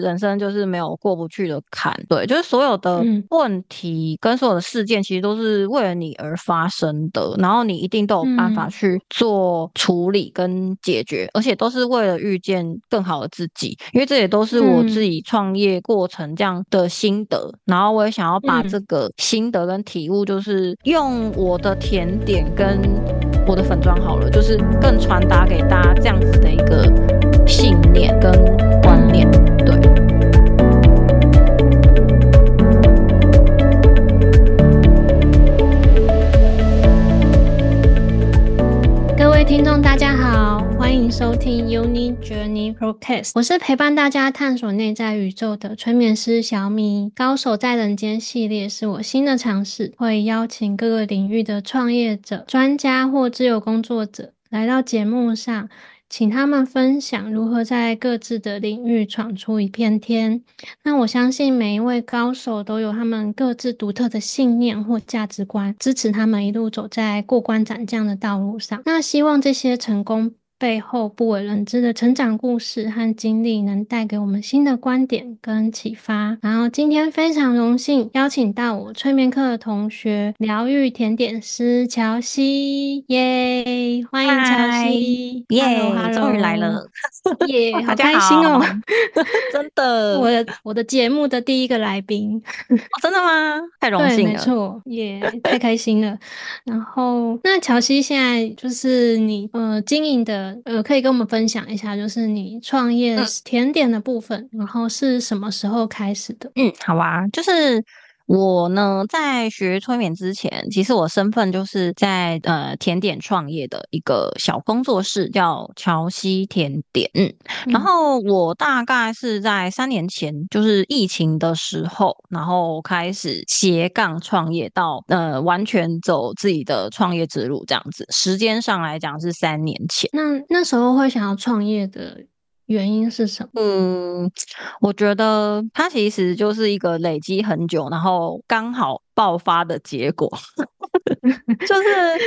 人生就是沒有過不去的坎，對，就是所有的問題跟所有的事件，其實都是為了你而發生的，然後你一定都有辦法去做處理跟解決，嗯、而且都是為了遇見更好的自己，因為這也都是我自己創業過程這樣的心得、嗯，然後我也想要把這個心得跟體悟，就是用我的甜點跟我的粉裝好了，就是更傳達給大家這樣子的一個信念跟觀念。各位聽眾，大家好，歡迎收聽 Uni Journey Podcast。我是陪伴大家探索內在宇宙的催眠師小米。高手在人間系列是我新的嘗試，會邀請各個領域的創業者、專家或自由工作者來到節目上。請他們分享如何在各自的領域闖出一片天。那我相信每一位高手都有他們各自獨特的信念或價值觀，支持他們一路走在過關斬將的道路上。那希望這些成功。背後不為人知的成長故事和經歷，能帶給我們新的觀點跟啟發。然後今天非常榮幸邀請到我催眠課的同學、療癒甜點師蕎希耶，yeah, 歡迎蕎希耶，yeah, hello, hello. 終於來了耶、yeah，好開心哦！ 真的，我的我的節目的第一個來賓，oh, 真的嗎？太榮幸了，耶，沒錯 yeah, 太開心了。 然後那蕎希現在就是你呃經營的。呃，可以跟我們分享一下，就是你創業甜點的部分、嗯，然後是什麼時候開始的？嗯，好啊，就是。我呢，在學催眠之前，其實我身份就是在呃甜點創業的一個小工作室，叫蕎希甜點。嗯。然後我大概是在三年前，就是疫情的時候，然後開始斜槓創業到，到呃完全走自己的創業之路這樣子。時間上來講是三年前。那那時候會想要創業的原因是什麼？嗯，我覺得它其實就是一個累積很久，然後剛好爆發的結果。 就是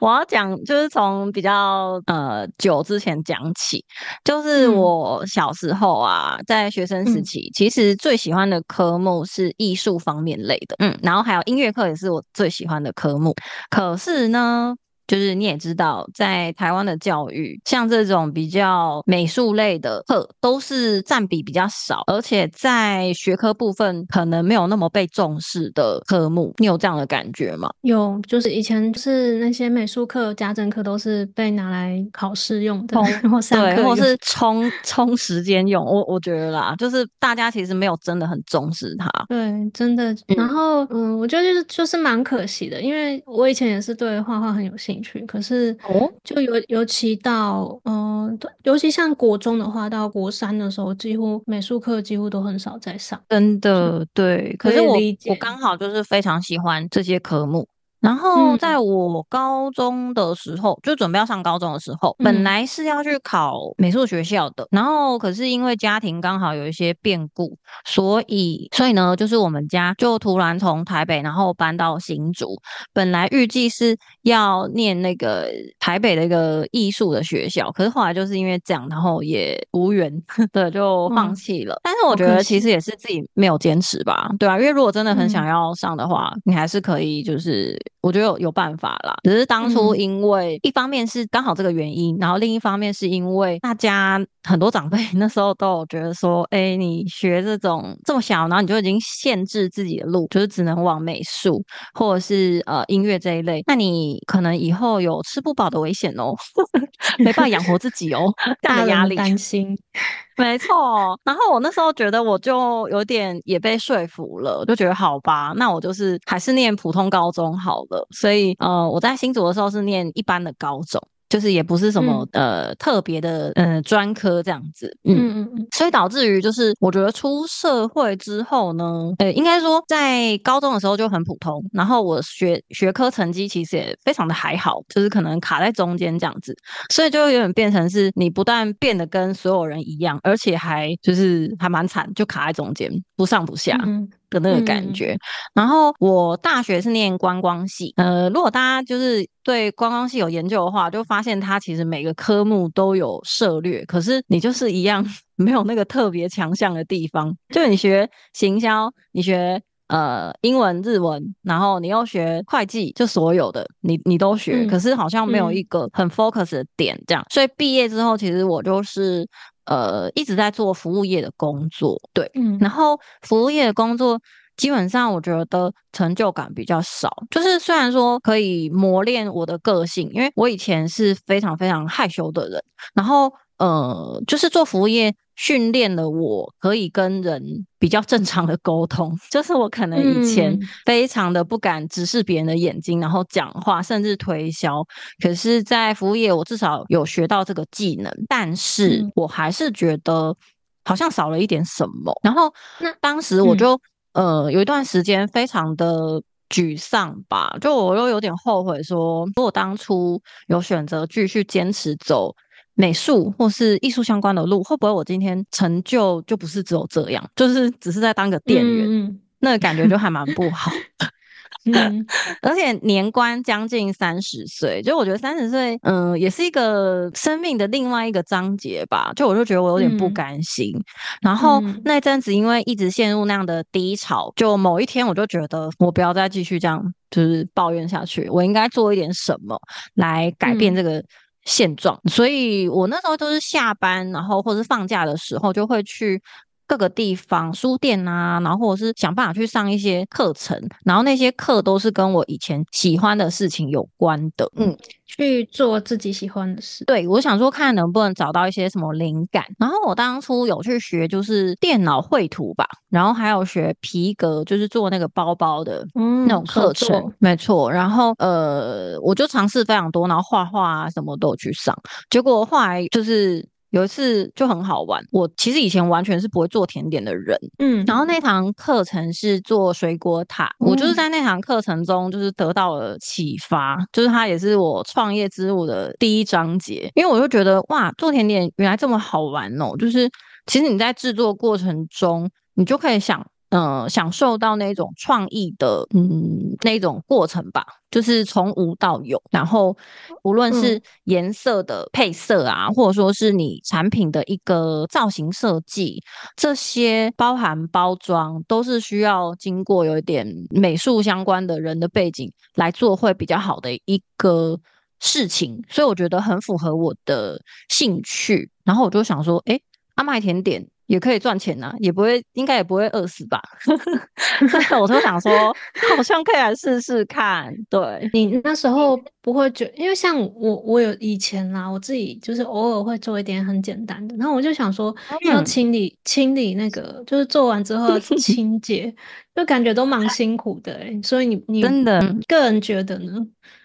我要講，就是從比較呃久之前講起，就是我小時候啊，嗯、在學生時期、嗯，其實最喜歡的科目是藝術方面類的，嗯，然後還有音樂課也是我最喜歡的科目。可是呢。就是你也知道，在台灣的教育，像這種比較美術類的課，都是占比比較少，而且在學科部分可能沒有那麼被重視的科目。你有這樣的感覺嗎？有，就是以前就是那些美術課、家政課都是被拿來考試用的，的。 對，或是充充時間用。 我我覺得啦，就是大家其實沒有真的很重視它。對，真的。然後，嗯，嗯我覺得就是就是蠻可惜的，因為我以前也是對畫畫很有興。可是就尤尤其到嗯、哦呃，尤其像國中的話，到國三的時候，幾乎美術課幾乎都很少在上。真的，對。可是我我剛好就是非常喜歡這些科目。然後在我高中的時候、嗯，就準備要上高中的時候，嗯、本來是要去考美術學校的，然後可是因為家庭剛好有一些變故，所以所以呢，就是我們家就突然從台北然後搬到新竹。本來預計是要念那個台北的一個藝術的學校，可是後來就是因為這樣，然後也無緣，對，就放棄了、嗯。但是我覺得其實也是自己沒有堅持吧，對吧、啊？因為如果真的很想要上的話，嗯、你還是可以就是。我覺得有有辦法啦，只是當初因為、嗯、一方面是剛好這個原因，然後另一方面是因為大家很多長輩那時候都有覺得說，哎，你學這種這麼小，然後你就已經限制自己的路，就是只能往美術或者是呃音樂這一類，那你可能以後有吃不飽的危險哦， 沒辦法養活自己哦，大 壓力大擔心， 沒錯。然後我那時候覺得我就有點也被說服了，就覺得好吧，那我就是還是念普通高中好了。所以，呃，我在新竹的時候是念一般的高中，就是也不是什麼呃特別的，嗯，專、呃呃、專科這樣子嗯，嗯嗯嗯。所以導致於就是，我覺得出社會之後呢，呃、欸，應該說在高中的時候就很普通。然後我學學科成績其實也非常的還好，就是可能卡在中間這樣子。所以就有點變成是你不但變得跟所有人一樣，而且還就是還蠻慘，就卡在中間，不上不下。嗯嗯的那個感覺、嗯。然後我大學是念觀光系，呃，如果大家就是對觀光系有研究的話，就發現它其實每個科目都有涉略，可是你就是一樣沒有那個特別強項的地方。就你學行銷，你學呃英文、日文，然後你又學會計，就所有的你你都學、嗯，可是好像沒有一個很 focus 的點這樣。所以畢業之後，其實我就是。呃，一直在做服務業的工作，對，嗯，然後服務業的工作基本上我覺得成就感比較少，就是雖然說可以磨練我的個性，因為我以前是非常非常害羞的人，然後呃，就是做服務業。訓練了我可以跟人比較正常的溝通，就是我可能以前非常的不敢直視別人的眼睛，嗯、然後講話，甚至推銷。可是，在服務業，我至少有學到這個技能，但是我還是覺得好像少了一點什麼。嗯、然後，那當時我就、嗯、呃有一段時間非常的沮喪吧，就我又有點後悔說，說如果當初有選擇繼續堅持走。美術或是藝術相關的路，會不會我今天成就就不是只有這樣？就是只是在當個店員，嗯嗯，那感覺就還蠻不好。嗯， 而且年關將近三十歲，就我覺得三十歲，嗯、呃，也是一個生命的另外一個章節吧。就我就覺得我有點不甘心。嗯、然後那陣子因為一直陷入那樣的低潮，就某一天我就覺得我不要再繼續這樣，就是抱怨下去，我應該做一點什麼來改變這個。嗯現狀，所以我那時候就是下班，然後或是放假的時候，就會去各個地方書店啊，然後或者是想辦法去上一些課程，然後那些課都是跟我以前喜歡的事情有關的。嗯，去做自己喜歡的事。對，我想說看能不能找到一些什麼靈感。然後我當初有去學就是電腦繪圖吧，然後還有學皮革，就是做那個包包的那種課程，嗯，沒錯。然後呃，我就嘗試非常多，然後畫畫啊什麼都去上，結果後來就是。有一次就很好玩，我其實以前完全是不會做甜點的人，嗯，然後那堂課程是做水果塔，嗯、我就是在那堂課程中就是得到了啟發，嗯，就是它也是我創業之路的第一章節，因為我就覺得哇，做甜點原來這麼好玩哦，喔，就是其實你在制作過程中，你就可以想。嗯、呃，享受到那種創意的嗯那種過程吧，就是從無到有，然後無論是顏色的配色啊、嗯，或者說是你產品的一個造型設計，這些包含包裝，都是需要經過有一點美術相關的人的背景來做會比較好的一個事情，所以我覺得很符合我的興趣，然後我就想說，哎、欸，阿麥甜點。也可以賺錢吶、啊，也不會，應該也不會餓死吧？ 所以我就想說， 好像可以來試試看。對，你那時候不會覺得，因為像我，我有以前啦，我自己就是偶爾會做一點很簡單的。然後我就想說，要、嗯、清理清理那個，就是做完之後清潔， 就感覺都蠻辛苦的、欸、所以你你真的你個人覺得呢？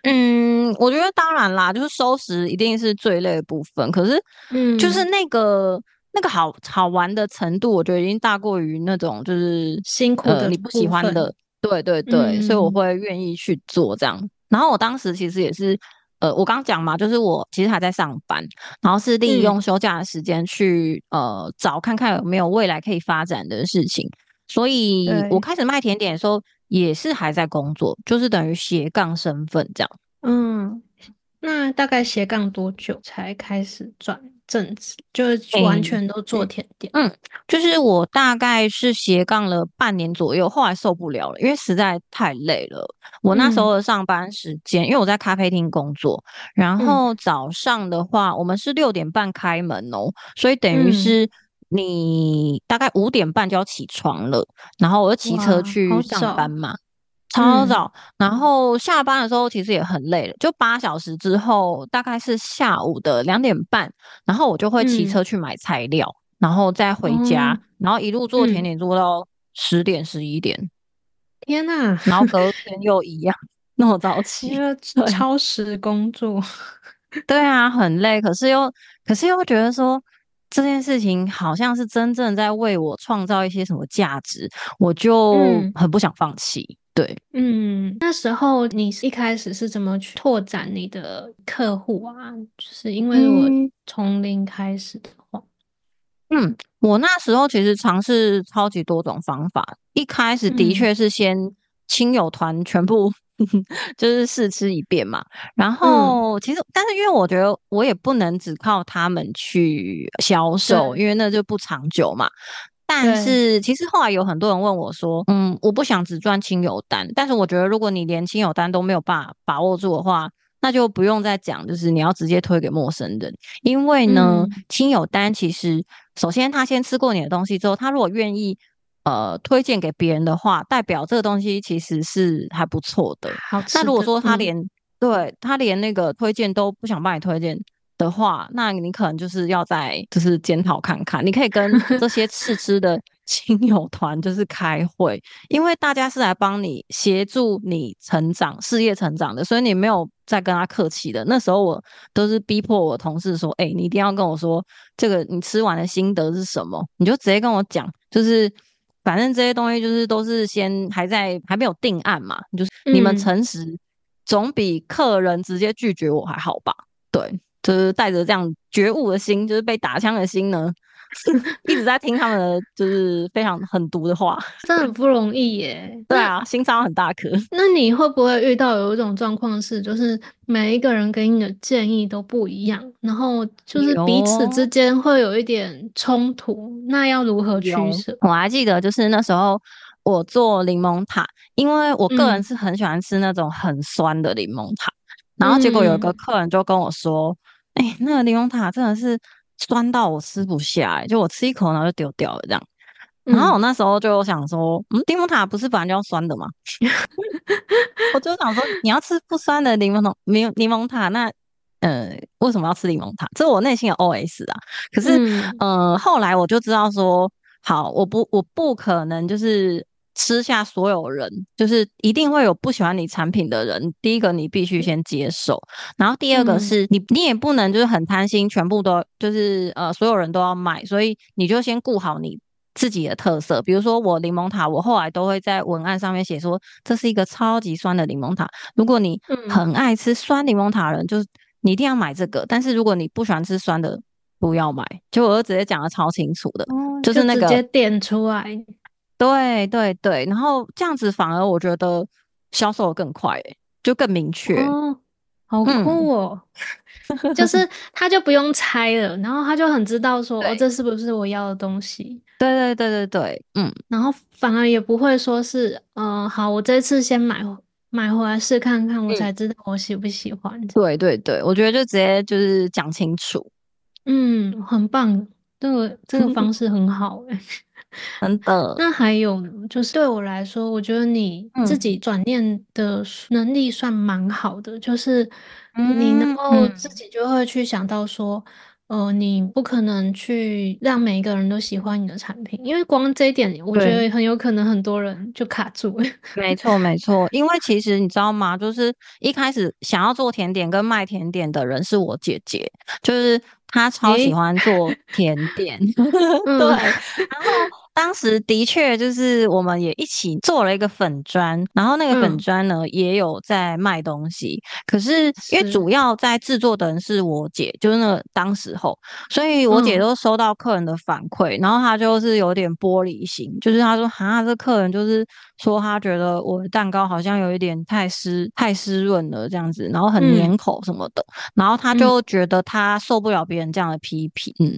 嗯，我覺得當然啦，就是收拾一定是最累的部分。可是，嗯，就是那個。嗯那個好好玩的程度，我覺得已經大過於那種就是辛苦的、呃、你不喜歡的。對對對，嗯、所以我會願意去做這樣。然後我當時其實也是，呃，我剛講嘛，就是我其實還在上班，然後是利用休假的時間去、嗯、呃找看看有沒有未來可以發展的事情。所以我開始賣甜點的時候，也是還在工作，就是等於斜槓身份這樣。嗯，那大概斜槓多久才開始賺？正職就是完全都做甜點，嗯，就是我大概是斜槓了半年左右，後來受不了了，因為實在太累了。我那時候的上班時間、嗯，因為我在咖啡廳工作，然後早上的話，嗯、我們是六點半開門哦、喔，所以等於是你大概五點半就要起床了，然後我就騎車去上班嘛。超早，早、嗯，然後下班的時候其實也很累，就八小時之後，大概是下午的兩點半，然後我就會騎車去買材料，嗯、然後再回家，嗯、然後一路做甜點做到十點十一點、嗯。天哪！然後隔天又一樣 那麼早起，超時工作。對啊，很累，可是又可是又覺得說這件事情好像是真正在為我創造一些什麼價值，我就很不想放棄。嗯對，嗯，那時候你一開始是怎麼去拓展你的客戶啊？就是因為我從零開始的話，嗯，嗯，我那時候其實嘗試超級多種方法，一開始的確是先親友團全部 就是試吃一遍嘛，然後、嗯、其實但是因為我覺得我也不能只靠他們去銷售，因為那就不長久嘛。但是其實後來有很多人問我說，嗯，我不想只賺親友單。但是我覺得如果你連親友單都沒有辦法把握住的話，那就不用再講，就是你要直接推給陌生人。因為呢，嗯、親友單其實首先他先吃過你的東西之後，他如果願意呃推薦給別人的話，代表這個東西其實是還不錯的、好吃的。那如果說他連、嗯、對他連那個推薦都不想幫你推薦。的話，那你可能就是要再就是檢討看看，你可以跟這些試吃的親友團就是開會， 因為大家是來幫你協助你成長事業成長的，所以你沒有在跟他客氣的。那時候我都是逼迫我同事說：“哎、欸，你一定要跟我說，這個你吃完的心得是什麼？你就直接跟我講，就是反正這些東西就是都是先還在還沒有定案嘛，就是、嗯、你們誠實總比客人直接拒絕我還好吧？對。”就是帶着這樣覺悟的心，就是被打槍的心呢， 一直在聽他們的，就是非常狠毒的話，真 的很不容易耶。 對啊，心臟很大顆。那你會不會遇到有一種狀況是，就是每一個人給你的建議都不一樣，然後就是彼此之間會有一點衝突，那要如何取捨？我還記得，就是那時候我做檸檬塔，因為我個人是很喜歡吃那種很酸的檸檬塔。嗯然後結果有一個客人就跟我說：“哎、嗯欸，那個檸檬塔真的是酸到我吃不下，就我吃一口然後就丟掉了這樣。嗯”然後我那時候就想說：“嗯，檸檬塔不是本來就要酸的嗎？” 我就想說：“你要吃不酸的檸檬檸檸檬塔，那呃，為什麼要吃檸檬塔？”這是我內心的 OS 啊。可是、嗯，呃，後來我就知道說：“好，我不，我不可能就是。”吃下所有人，就是一定會有不喜歡你產品的人。第一個，你必須先接受；然後第二個是，嗯、你你也不能就是很貪心，全部都就是呃，所有人都要買。所以你就先顧好你自己的特色。比如說我檸檬塔，我後來都會在文案上面寫說，這是一個超級酸的檸檬塔。如果你很愛吃酸檸檬塔的人，就是你一定要買這個、嗯。但是如果你不喜歡吃酸的，不要買。就我就直接講的超清楚的，哦、就直接就是那個點出來。嗯對對對，然後這樣子反而我覺得銷售得更快、欸，就更明確、哦，好酷哦、喔嗯！就是他就不用猜了， 然後他就很知道說，哦，這是不是我要的東西？對對對對對，嗯。然後反而也不會說是，嗯、呃，好，我這次先買買回來試看看、嗯，我才知道我喜不喜歡。對對對，對對對我覺得就直接就是講清楚，嗯，很棒，這個這個方式很好誒、欸。 真的，那還有就是，對我來說，我覺得你自己轉念的能力算蠻好的、嗯，就是你能夠自己就會去想到說、嗯，呃，你不可能去讓每一個人都喜歡你的產品，因為光這一點，我覺得很有可能很多人就卡住了 沒。沒錯，沒錯，因為其實你知道嗎？就是一開始想要做甜點跟賣甜點的人是我姐姐，就是她超喜歡做甜點，欸、 對、嗯，然後。當時的確就是我們也一起做了一個粉專，然後那個粉專呢、嗯、也有在賣東西，可是因為主要在製作的人是我姐，是就是那個當時候，所以我姐都收到客人的反饋、嗯，然後她就是有點玻璃心，就是她說哈，這客人就是。說他覺得我的蛋糕好像有一點太濕、太濕潤了，這樣子，然後很黏口什麼的、嗯，然後他就覺得他受不了別人這樣的批評，嗯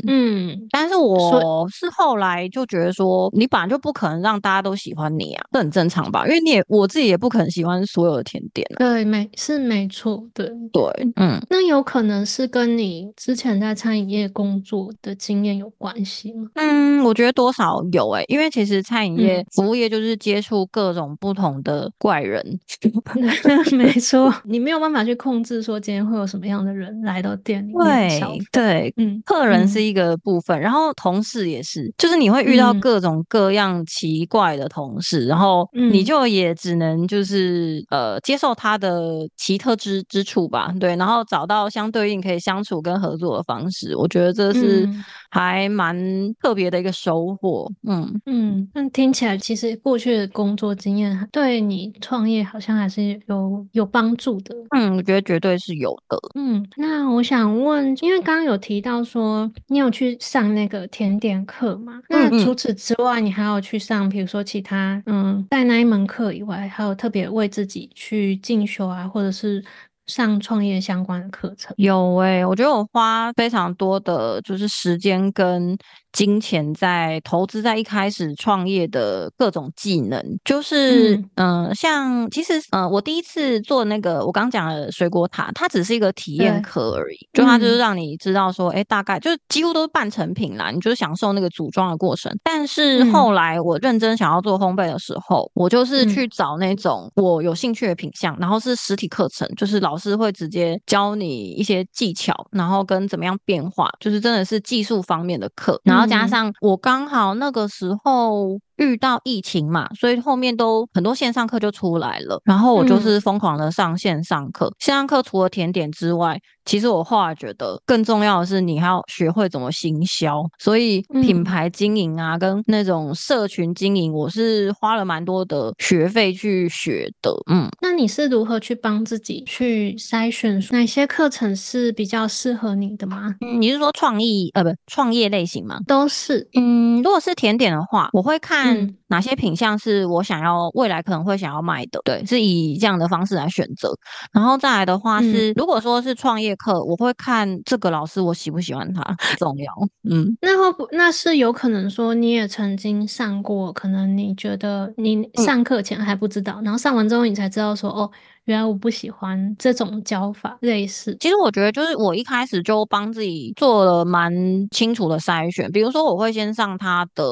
嗯。但是我是後來就覺得說，你本來就不可能讓大家都喜歡你啊，這很正常吧？因為你也我自己也不可能喜歡所有的甜點、啊，對，沒是沒錯，對對，嗯。那有可能是跟你之前在餐飲業工作的經驗有關係嗎？嗯，我覺得多少有誒、欸，因為其實餐飲業、嗯、服務業就是接觸。各種不同的怪人 ， 沒錯，你沒有辦法去控制說今天會有什麼樣的人來到店裡面。對對，客人是一個部分、嗯，然後同事也是，就是你會遇到各種各樣奇怪的同事，嗯、然後你就也只能就是、嗯、呃接受他的奇特之之處吧，對，然後找到相對應可以相處跟合作的方式，我覺得這是還蠻特別的一個收穫。嗯嗯，但、嗯、聽起來其實過去的工作，多經驗對你創業好像還是有有幫助的。嗯，我覺得絕對是有的。嗯，那我想問，因為剛剛有提到說你有去上那個甜點課嗎？嗯嗯。那除此之外，你還有去上，比如說其他，嗯，在那一門課以外，還有特別為自己去進修啊，或者是上創業相關的課程？有誒、欸，我覺得我花非常多的，就是時間跟。金錢在投資，在一開始創業的各種技能，就是嗯，呃、像其實嗯、呃，我第一次做那個我剛剛講的水果塔，它只是一個體驗課而已，就它就是讓你知道說，哎、嗯欸，大概就是幾乎都是半成品啦，你就是享受那個組裝的過程。但是後來我認真想要做烘焙的時候，我就是去找那種我有興趣的品項，然後是實體課程，就是老師會直接教你一些技巧，然後跟怎麼樣變化，就是真的是技術方面的課，然後、嗯。嗯、再加上我剛好那個時候。遇到疫情嘛，所以後面都很多線上課就出來了，然後我就是瘋狂的上線上課。嗯、線上課除了甜點之外，其實我後來覺得更重要的是，你還要學會怎麼行銷。所以品牌經營啊、嗯，跟那種社群經營，我是花了蠻多的學費去學的。嗯，那你是如何去幫自己去篩選哪些課程是比較適合你的嗎？嗯、你是說創意呃，不，創業類型嗎？都是。嗯，如果是甜點的話，我會看。看哪些品項是我想要未來可能會想要賣的，嗯、對，是以這樣的方式來選擇。然後再來的話是，嗯、如果說是創業課，我會看這個老師我喜不喜歡他，重要。嗯，那會那是有可能說你也曾經上過，可能你覺得你上課前還不知道、嗯，然後上完之後你才知道說哦。原來我不喜歡這種教法，類似。其實我覺得就是我一開始就幫自己做了蠻清楚的篩選，比如說我會先上他的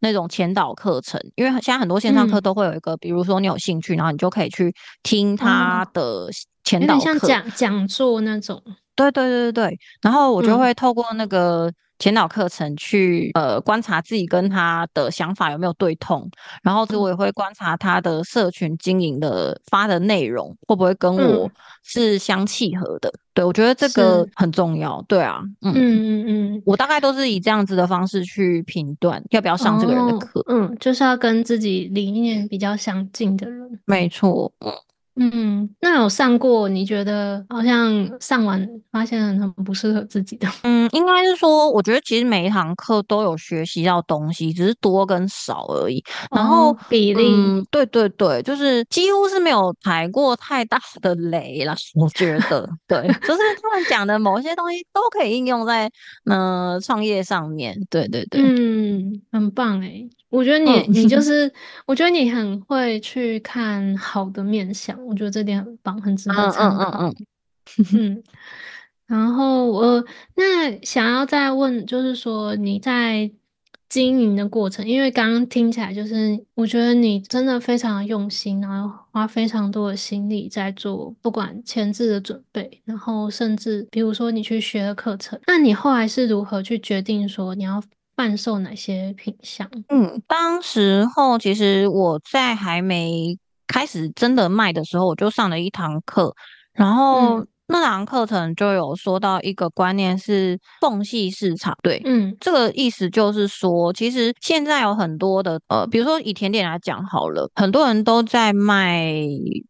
那種前導課程，因為現在很多線上課都會有一個，嗯、比如說你有興趣，然後你就可以去聽他的前導課，嗯、有點像講講座那種。對對對對對，然後我就會透過那個。嗯前導課程去呃觀察自己跟他的想法有沒有對通，然後這我也會觀察他的社群經營的發的內容會不會跟我是相契合的，嗯、對我覺得這個很重要，對啊，嗯嗯嗯嗯，我大概都是以這樣子的方式去評斷要不要上這個人的課。哦，嗯，就是要跟自己理念比較相近的人，嗯、沒錯。嗯，那有上過？你覺得好像上完發現很不適合自己的？嗯，應該是說，我覺得其實每一堂課都有學習到東西，只是多跟少而已。然後，然後比例、嗯，對對對，就是幾乎是沒有踩過太大的雷啦，我覺得， 對，就是他們講的某一些東西都可以應用在嗯、呃、創業上面。對對對，嗯，很棒誒、欸、我覺得你、嗯、你就是， 我覺得你很會去看好的面相。我覺得這點很棒，很值得參考，嗯嗯嗯，嗯嗯嗯 然後我那想要再問，就是說你在經營的過程，因為剛剛聽起來就是，我覺得你真的非常的用心，然後花非常多的心力在做，不管前置的準備，然後甚至比如說你去學的課程，那你後來是如何去決定說你要販售哪些品項？嗯，當時候其實我在還沒。開始真的賣的時候，我就上了一堂課，然後那堂課程就有說到一個觀念是縫隙市場，對，嗯，這個意思就是說，其實現在有很多的呃，比如說以甜點來講好了，很多人都在賣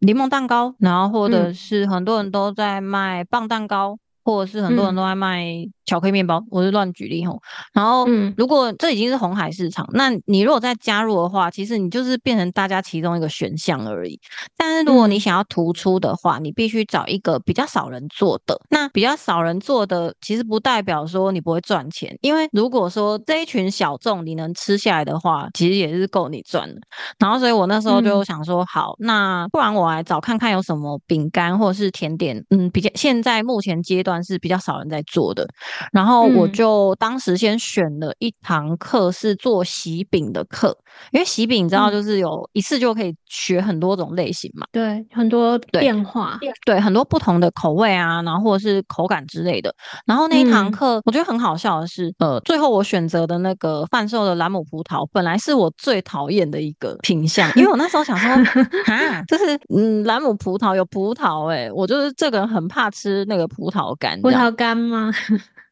檸檬蛋糕，然後或者是很多人都在賣磅蛋糕。嗯或者是很多人都在賣巧克力麵包、嗯，我是亂舉例吼、嗯。然後，如果這已經是紅海市場，那你如果再加入的話，其實你就是變成大家其中一個選項而已。但是，如果你想要突出的話、嗯，你必須找一個比較少人做的。那比較少人做的，其實不代表說你不會賺錢，因為如果說這一群小眾你能吃下來的話，其實也是夠你賺的。然後，所以我那時候就想說、嗯，好，那不然我來找看看有什麼餅乾或是甜點，嗯，比較現在目前階段。是比較少人在做的，然後我就當時先選了一堂課是做喜餅的課，因為喜餅你知道就是有一次就可以學很多種類型嘛，嗯、對，很多變化，對，很多不同的口味啊，然後或者是口感之類的。然後那一堂課、嗯、我覺得很好笑的是，呃，最後我選擇的那個販售的蘭姆葡萄，本來是我最討厭的一個品項，因為我那時候想說，哈， 就是嗯，蘭姆葡萄有葡萄哎、欸，我就是這個人很怕吃那個葡萄乾。葡萄乾嗎？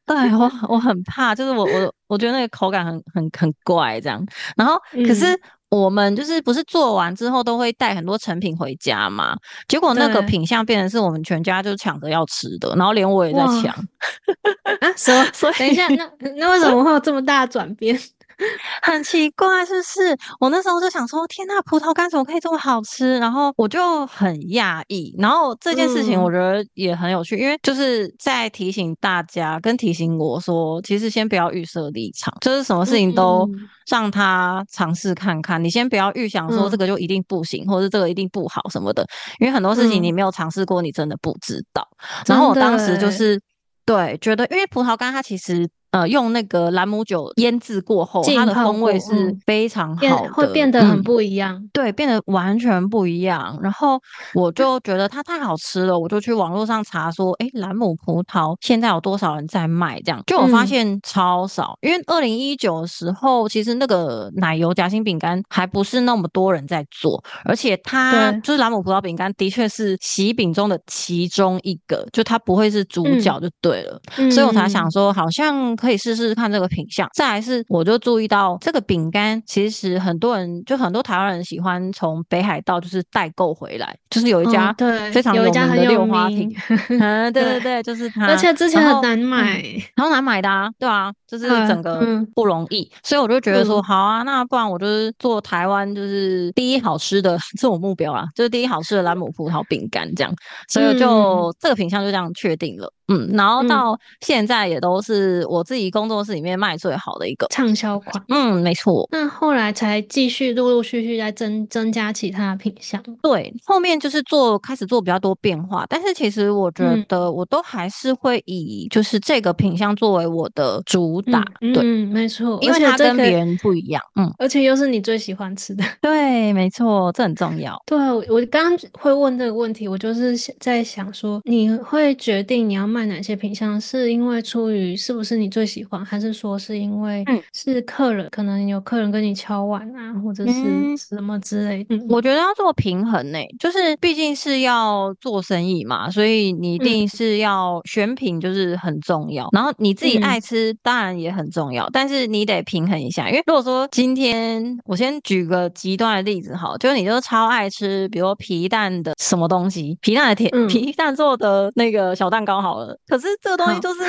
對，我我很怕，就是我我我覺得那個口感很很很怪，這樣。然後，可是我們就是不是做完之後都會帶很多成品回家嘛？結果那個品相變成是我們全家就搶着要吃的，然後連我也在搶。啊，說 說什麼 等一下，那那為什麼會有這麼大的轉變？ 很奇怪，是不是？我那時候就想說，天吶、啊，葡萄乾怎麼可以這麼好吃？然後我就很訝異。然後這件事情我覺得也很有趣，嗯、因為就是在提醒大家，跟提醒我說，其實先不要預設立場，就是什麼事情都讓他嘗試看看、嗯。你先不要預想說這個就一定不行，嗯、或者這個一定不好什麼的，因為很多事情你沒有嘗試過，你真的不知道、嗯。然後我當時就是對，覺得因為葡萄乾它其實。呃，用那個蘭姆酒醃製過後，它的風味是非常好變會變得很不一樣、嗯。對，變得完全不一樣、嗯。然後我就覺得它太好吃了，我就去網絡上查說，哎、欸，蘭姆葡萄現在有多少人在賣？這樣就我發現超少。嗯、因為二零一九的時候，其實那個奶油夾心餅乾還不是那麼多人在做，而且它就是蘭姆葡萄餅乾，的確是喜餅中的其中一個，就它不會是主角就對了。嗯嗯、所以我才想說，好像。可以試試看這個品項。再來是，我就注意到這個餅乾，其實很多人就很多台灣人喜歡從北海道就是代購回來，就是有一家對非常有名的六花亭、哦、 嗯，對對對，對，就是它，而且之前很難買，很難、嗯、買的啊， 對啊。就是整個不容易，啊嗯、所以我就覺得說、嗯、好啊，那不然我就是做台灣就是第一好吃的這種 目標啊，就是第一好吃的蘭姆葡萄餅乾這樣，所以就這個品項就這樣確定了嗯，嗯，然後到現在也都是我自己工作室裡面賣最好的一個暢銷款，嗯，沒錯。那後來才繼續陸陸續續在增增加其他的品項，對，後面就是做開始做比較多變化，但是其實我覺得我都還是會以就是這個品項作為我的主。大、嗯嗯，對，沒錯，因為它跟別人不一樣、這個，嗯，而且又是你最喜歡吃的，對，沒錯，這很重要。對，我我剛剛會問這個問題，我就是在想說，你會決定你要賣哪些品相，是因為出於是不是你最喜歡，還是說是因為是客人、嗯，可能有客人跟你敲碗啊，或者是什麼之類的？的、嗯嗯。我覺得要做平衡嘞、欸，就是畢竟是要做生意嘛，所以你一定是要、嗯、選品就是很重要，然後你自己愛吃，當、嗯、然。但也很重要，但是你得平衡一下，因為如果說今天我先舉個極端的例子，好了，就是你就是超愛吃，比如說皮蛋的什麼東西，皮蛋的甜、嗯，皮蛋做的那個小蛋糕好了，可是這個東西就是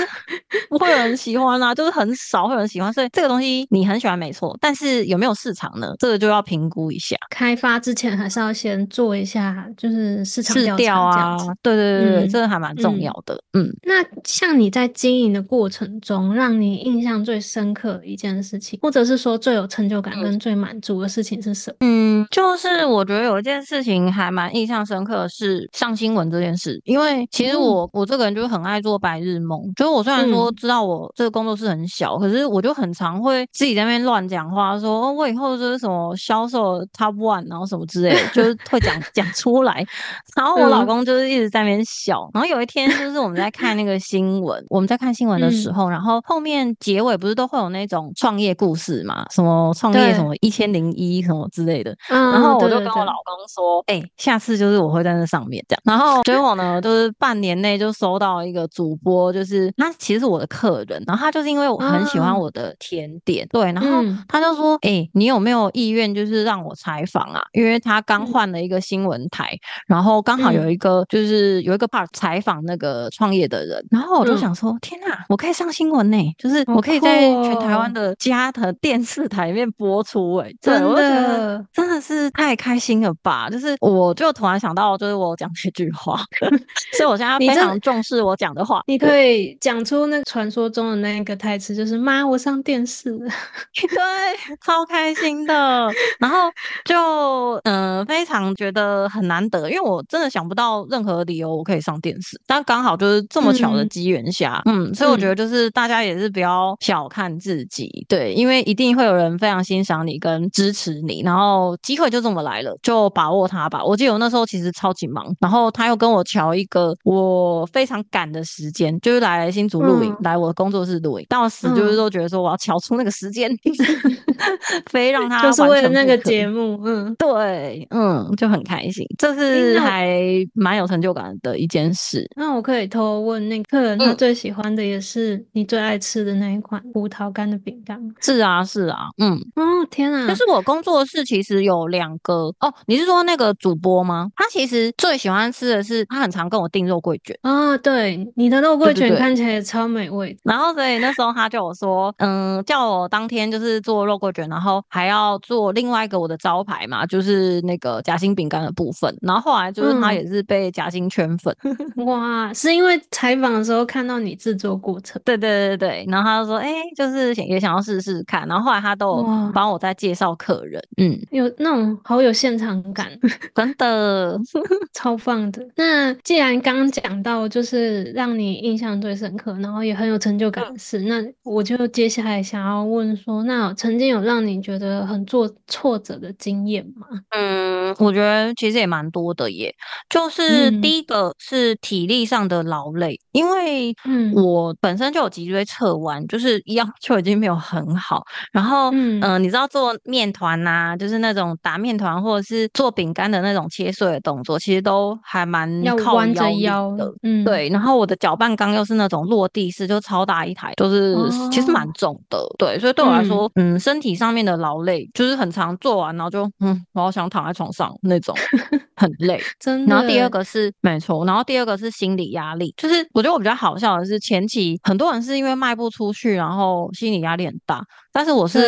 不會有人喜歡啊，哦、 就是很少會有人喜歡，所以這個東西你很喜歡沒錯，但是有沒有市場呢？這個就要評估一下，開發之前還是要先做一下，就是市場調啊，對對對對、嗯，這個還蠻重要的，嗯，嗯，那像你在經營的過程中，讓你印象最深刻的一件事情，或者是說最有成就感跟最滿足的事情是什麼？嗯，就是我覺得有一件事情還蠻印象深刻的，是上新聞這件事。因為其實我、嗯、我這個人就是很愛做白日夢、嗯，就是我雖然說知道我這個工作室很小，嗯、可是我就很常會自己在那邊亂講話說，說、哦、我以後就是什麼銷售 top one，然後什麼之類的， 就是會講講出來。然後我老公就是一直在那邊笑、嗯。然後有一天就是我們在看那個新聞， 我們在看新聞的時候、嗯，然後後面。結尾不是都會有那種創業故事嘛？什麼創業什麼一千零一什麼之類的。然後我就跟我老公說、嗯：“哎，下次就是我會在那上面這樣。”然後 結果呢，就是半年內就收到一個主播，就是那其實是我的客人，然後他就是因為我很喜歡我的甜點，啊、對，然後他就說、嗯：“哎，你有沒有意願就是讓我採訪啊？”因為他剛換了一個新聞台，嗯、然後剛好有一個、嗯、就是有一個 part 採訪那個創業的人，然後我就想說：“嗯、天吶，我可以上新聞呢、欸！”就是。我可以在全台灣的家的電視台裡面播出、欸。哎，真的真的是太開心了吧！就是我就突然想到，就是我講這句話， 所以我現在非常重視我講的話。你，你可以講出那傳說中的那一個台詞，就是“媽，我上電視”，對，超開心的。 然後就嗯、呃，非常覺得很難得，因為我真的想不到任何理由我可以上電視，但剛好就是這麼巧的機緣下，嗯，所以我覺得就是大家也是不要。小看自己，對，因為一定會有人非常欣賞你跟支持你，然後機會就這麼來了，就把握它吧。我記得我那時候其實超級忙，然後他又跟我調一個我非常趕的時間，就是來新竹錄影，嗯，來我的工作室錄影，到時就是都覺得說我要調出那個時間。嗯 非讓他就是為了那個節目，嗯，對，嗯，就很開心，這、嗯，就是還蠻有成就感的一件事。那我可以偷問，那個客人他最喜歡的也是你最愛吃的那一款葡萄乾的餅乾是啊，是啊，嗯，哦、嗯、天啊！就是我工作室其實有兩個哦你是說那個主播嗎？他其實最喜歡吃的是他很常跟我訂肉桂卷啊、哦，對，你的肉桂卷對對對，看起來也超美味。然後所以那時候他叫我說， 嗯，叫我當天就是做肉桂卷。然後還要做另外一個我的招牌嘛，就是那個夾心餅乾的部分。然後後來就是他也是被夾心圈粉。嗯、哇，是因為採訪的時候看到你制作過程？ 對，對對對對。然後他就說，哎、欸，就是也想要試試看。然後後來他都有幫我在介紹客人，嗯，有那種好有現場感， 真的超棒的。那既然剛講到就是讓你印象最深刻，然後也很有成就感、嗯、是，那我就接下來想要問說，那曾經有。讓你覺得很做挫折的經驗嗎？嗯，我覺得其實也蠻多的耶。就是第一個是體力上的勞累，嗯、因為我本身就有脊椎側彎，就是腰就已經沒有很好。然後，嗯，呃、你知道做麵團吶、啊，就是那種打麵團或者是做餅乾的那種切碎的動作，其實都還蠻要靠彎着腰的。嗯，對。然後我的攪拌缸又是那種落地式，就超大一台，就是其實蠻重的。哦、對，所以對我來說，嗯，嗯身體。上面的勞累就是很常做完，然後就嗯，然後想躺在床上那種很累， 真的。然後第二個是沒錯，然後第二個是心理壓力，就是我覺得我比較好笑的是前期很多人是因為賣不出去，然後心理壓力很大，但是我是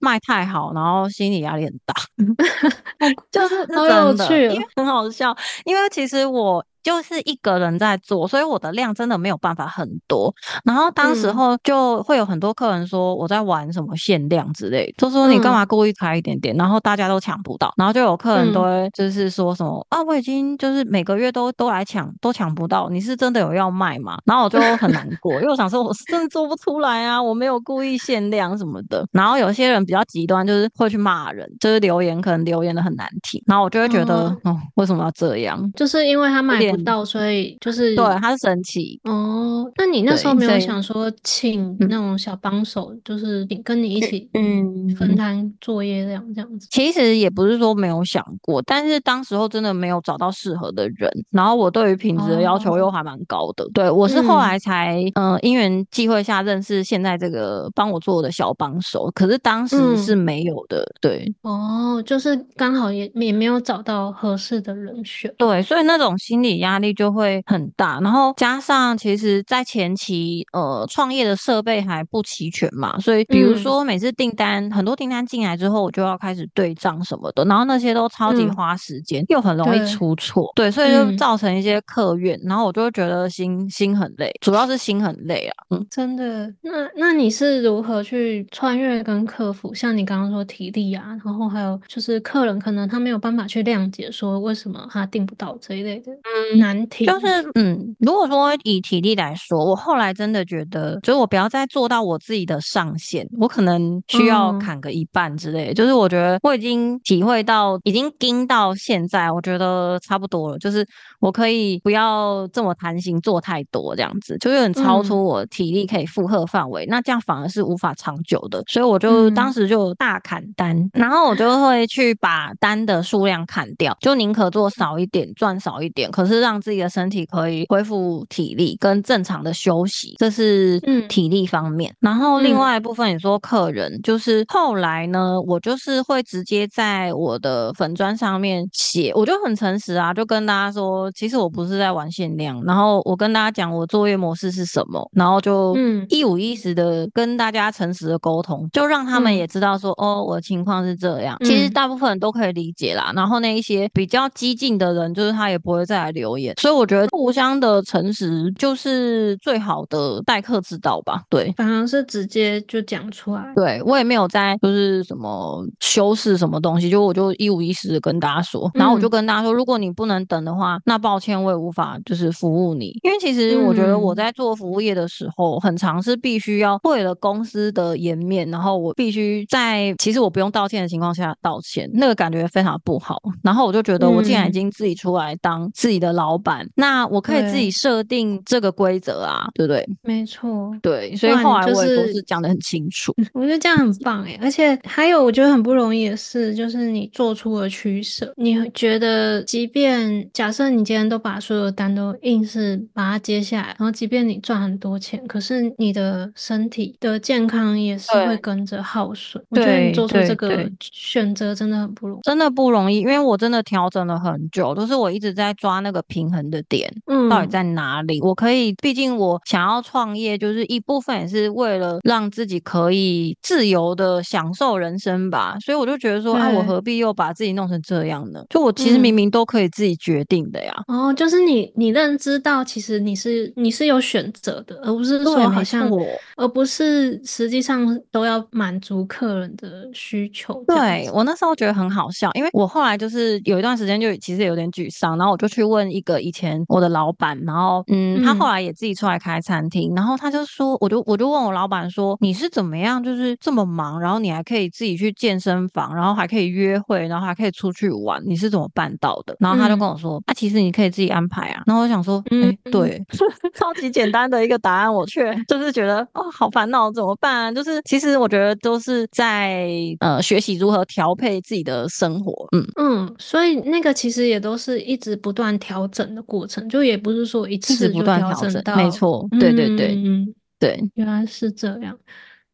賣太好，然後心理壓力很大， 就是、， 哦、是的，因為很好笑，因為其實我。就是一個人在做，所以我的量真的沒有辦法很多。然後當時候就會有很多客人說我在玩什麼限量之類的、嗯，就說你幹嘛故意開一點點、嗯，然後大家都搶不到。然後就有客人都會就是說什麼、嗯、啊，我已經就是每個月都都來搶，都搶不到。你是真的有要賣嗎？然後我就很難過， 因為我想說我是真的做不出來啊，我沒有故意限量什麼的。然後有些人比較極端，就是會去罵人，就是留言，可能留言的很難聽。然後我就會覺得、嗯、哦，為什麼要這樣？就是因為他買。到，所以就是對，他是神奇哦。那你那時候沒有想說請那種小幫手、嗯，就是你跟你一起嗯分攤作業這樣這樣子、嗯嗯嗯？其實也不是說沒有想過，但是當時候真的沒有找到適合的人，然後我對於品質的要求又還蠻高的。哦、對我是後來才嗯、呃、因緣際會下認識現在這個幫我做的小幫手，可是當時是沒有的。嗯、對，哦，就是剛好也也沒有找到合適的人選。對，所以那種心理壓力就會很大，然後加上其實，在前期呃創業的設備還不齊全嘛，所以比如說每次訂單、嗯、很多訂單進來之後，我就要開始對賬什麼的，然後那些都超級花時間、嗯，又很容易出錯，對，所以就造成一些客怨、嗯，然後我就會覺得心心很累，主要是心很累啊，嗯，真的。那那你是如何去穿越跟克服？像你剛剛說體力啊，然後還有就是客人可能他沒有辦法去諒解，說為什麼他訂不到這一類的，嗯。難題。就是嗯，如果說以體力來說，我後來真的覺得，就我不要再做到我自己的上限，我可能需要砍個一半之類。嗯、就是我覺得我已經體會到，已經撐到現在，我覺得差不多了。就是我可以不要這麼貪心，做太多這樣子，就有、是、點超出我體力可以負荷範圍、嗯。那這樣反而是無法長久的，所以我就、嗯、當時就大砍單，然後我就會去把單的數量砍掉，就寧可做少一點，賺、嗯、少一點，可是。讓自己的身體可以恢復體力跟正常的休息，這是嗯體力方面。然後另外一部分也說客人，就是後來呢，我就是會直接在我的粉專上面寫，我就很誠實啊，就跟大家說，其實我不是在玩限量，然後我跟大家講我作業模式是什麼，然後就嗯一五一十的跟大家誠實的溝通，就讓他們也知道說哦，我的情況是這樣。其實大部分人都可以理解啦。然後那一些比較激進的人，就是他也不會再來留。留言，所以我覺得互相的誠實就是最好的待客之道吧。對，反而是直接就講出來。對，我也沒有在就是什麼修飾什麼東西，就我就一五一十的跟大家說，嗯。然後我就跟大家說，如果你不能等的話，那抱歉，我也無法就是服務你。因為其實我覺得我在做服務業的時候，嗯、很常是必須要為了公司的顏面，然後我必須在其實我不用道歉的情況下道歉，那個感覺非常不好。然後我就覺得我既然已經自己出來當自己的。老闆，那我可以自己設定這個規則啊，對，對不對？沒錯，對，所以後來我也都是講得很清楚，就是。我覺得這樣很棒哎！ 而且還有我覺得很不容易的是，就是你做出了取捨。你會覺得，即便假設你今天都把所有的單都硬是把它接下來，然後即便你賺很多錢，可是你的身體的健康也是會跟着耗損。我覺得你做出了這個選擇真的很不容易，真的不容易，因為我真的調整了很久，都，就是我一直在抓那個。平衡的點，嗯，到底在哪裡？我可以，畢竟我想要創業，就是一部分也是為了讓自己可以自由的享受人生吧。所以我就覺得說，啊，我何必又把自己弄成這樣呢？就我其實明明都可以自己決定的呀。嗯、哦，就是你，你認知到，其實你是你是有選擇的，而不是說、哦、好像，我，而不是實際上都要滿足客人的需求。對，我那時候覺得很好笑，因為我後來就是有一段時間就其實有點沮喪，然後我就去問。一個以前我的老闆，然後嗯，他後來也自己出來開餐廳、嗯，然後他就說，我就我就問我老闆說，你是怎麼樣，就是這麼忙，然後你還可以自己去健身房，然後還可以約會，然後還可以出去玩，你是怎麼辦到的？然後他就跟我說，嗯、啊，其實你可以自己安排啊。然後我想說，嗯，欸、對， 超級簡單的一個答案，我卻就是覺得哦，好煩惱，怎麼辦、啊？就是其實我覺得都是在呃學習如何調配自己的生活，嗯嗯，所以那個其實也都是一直不斷調配。整的過程，就也不是說一次就調整到，不斷調整，嗯，沒錯，對對對，對，原來是這樣。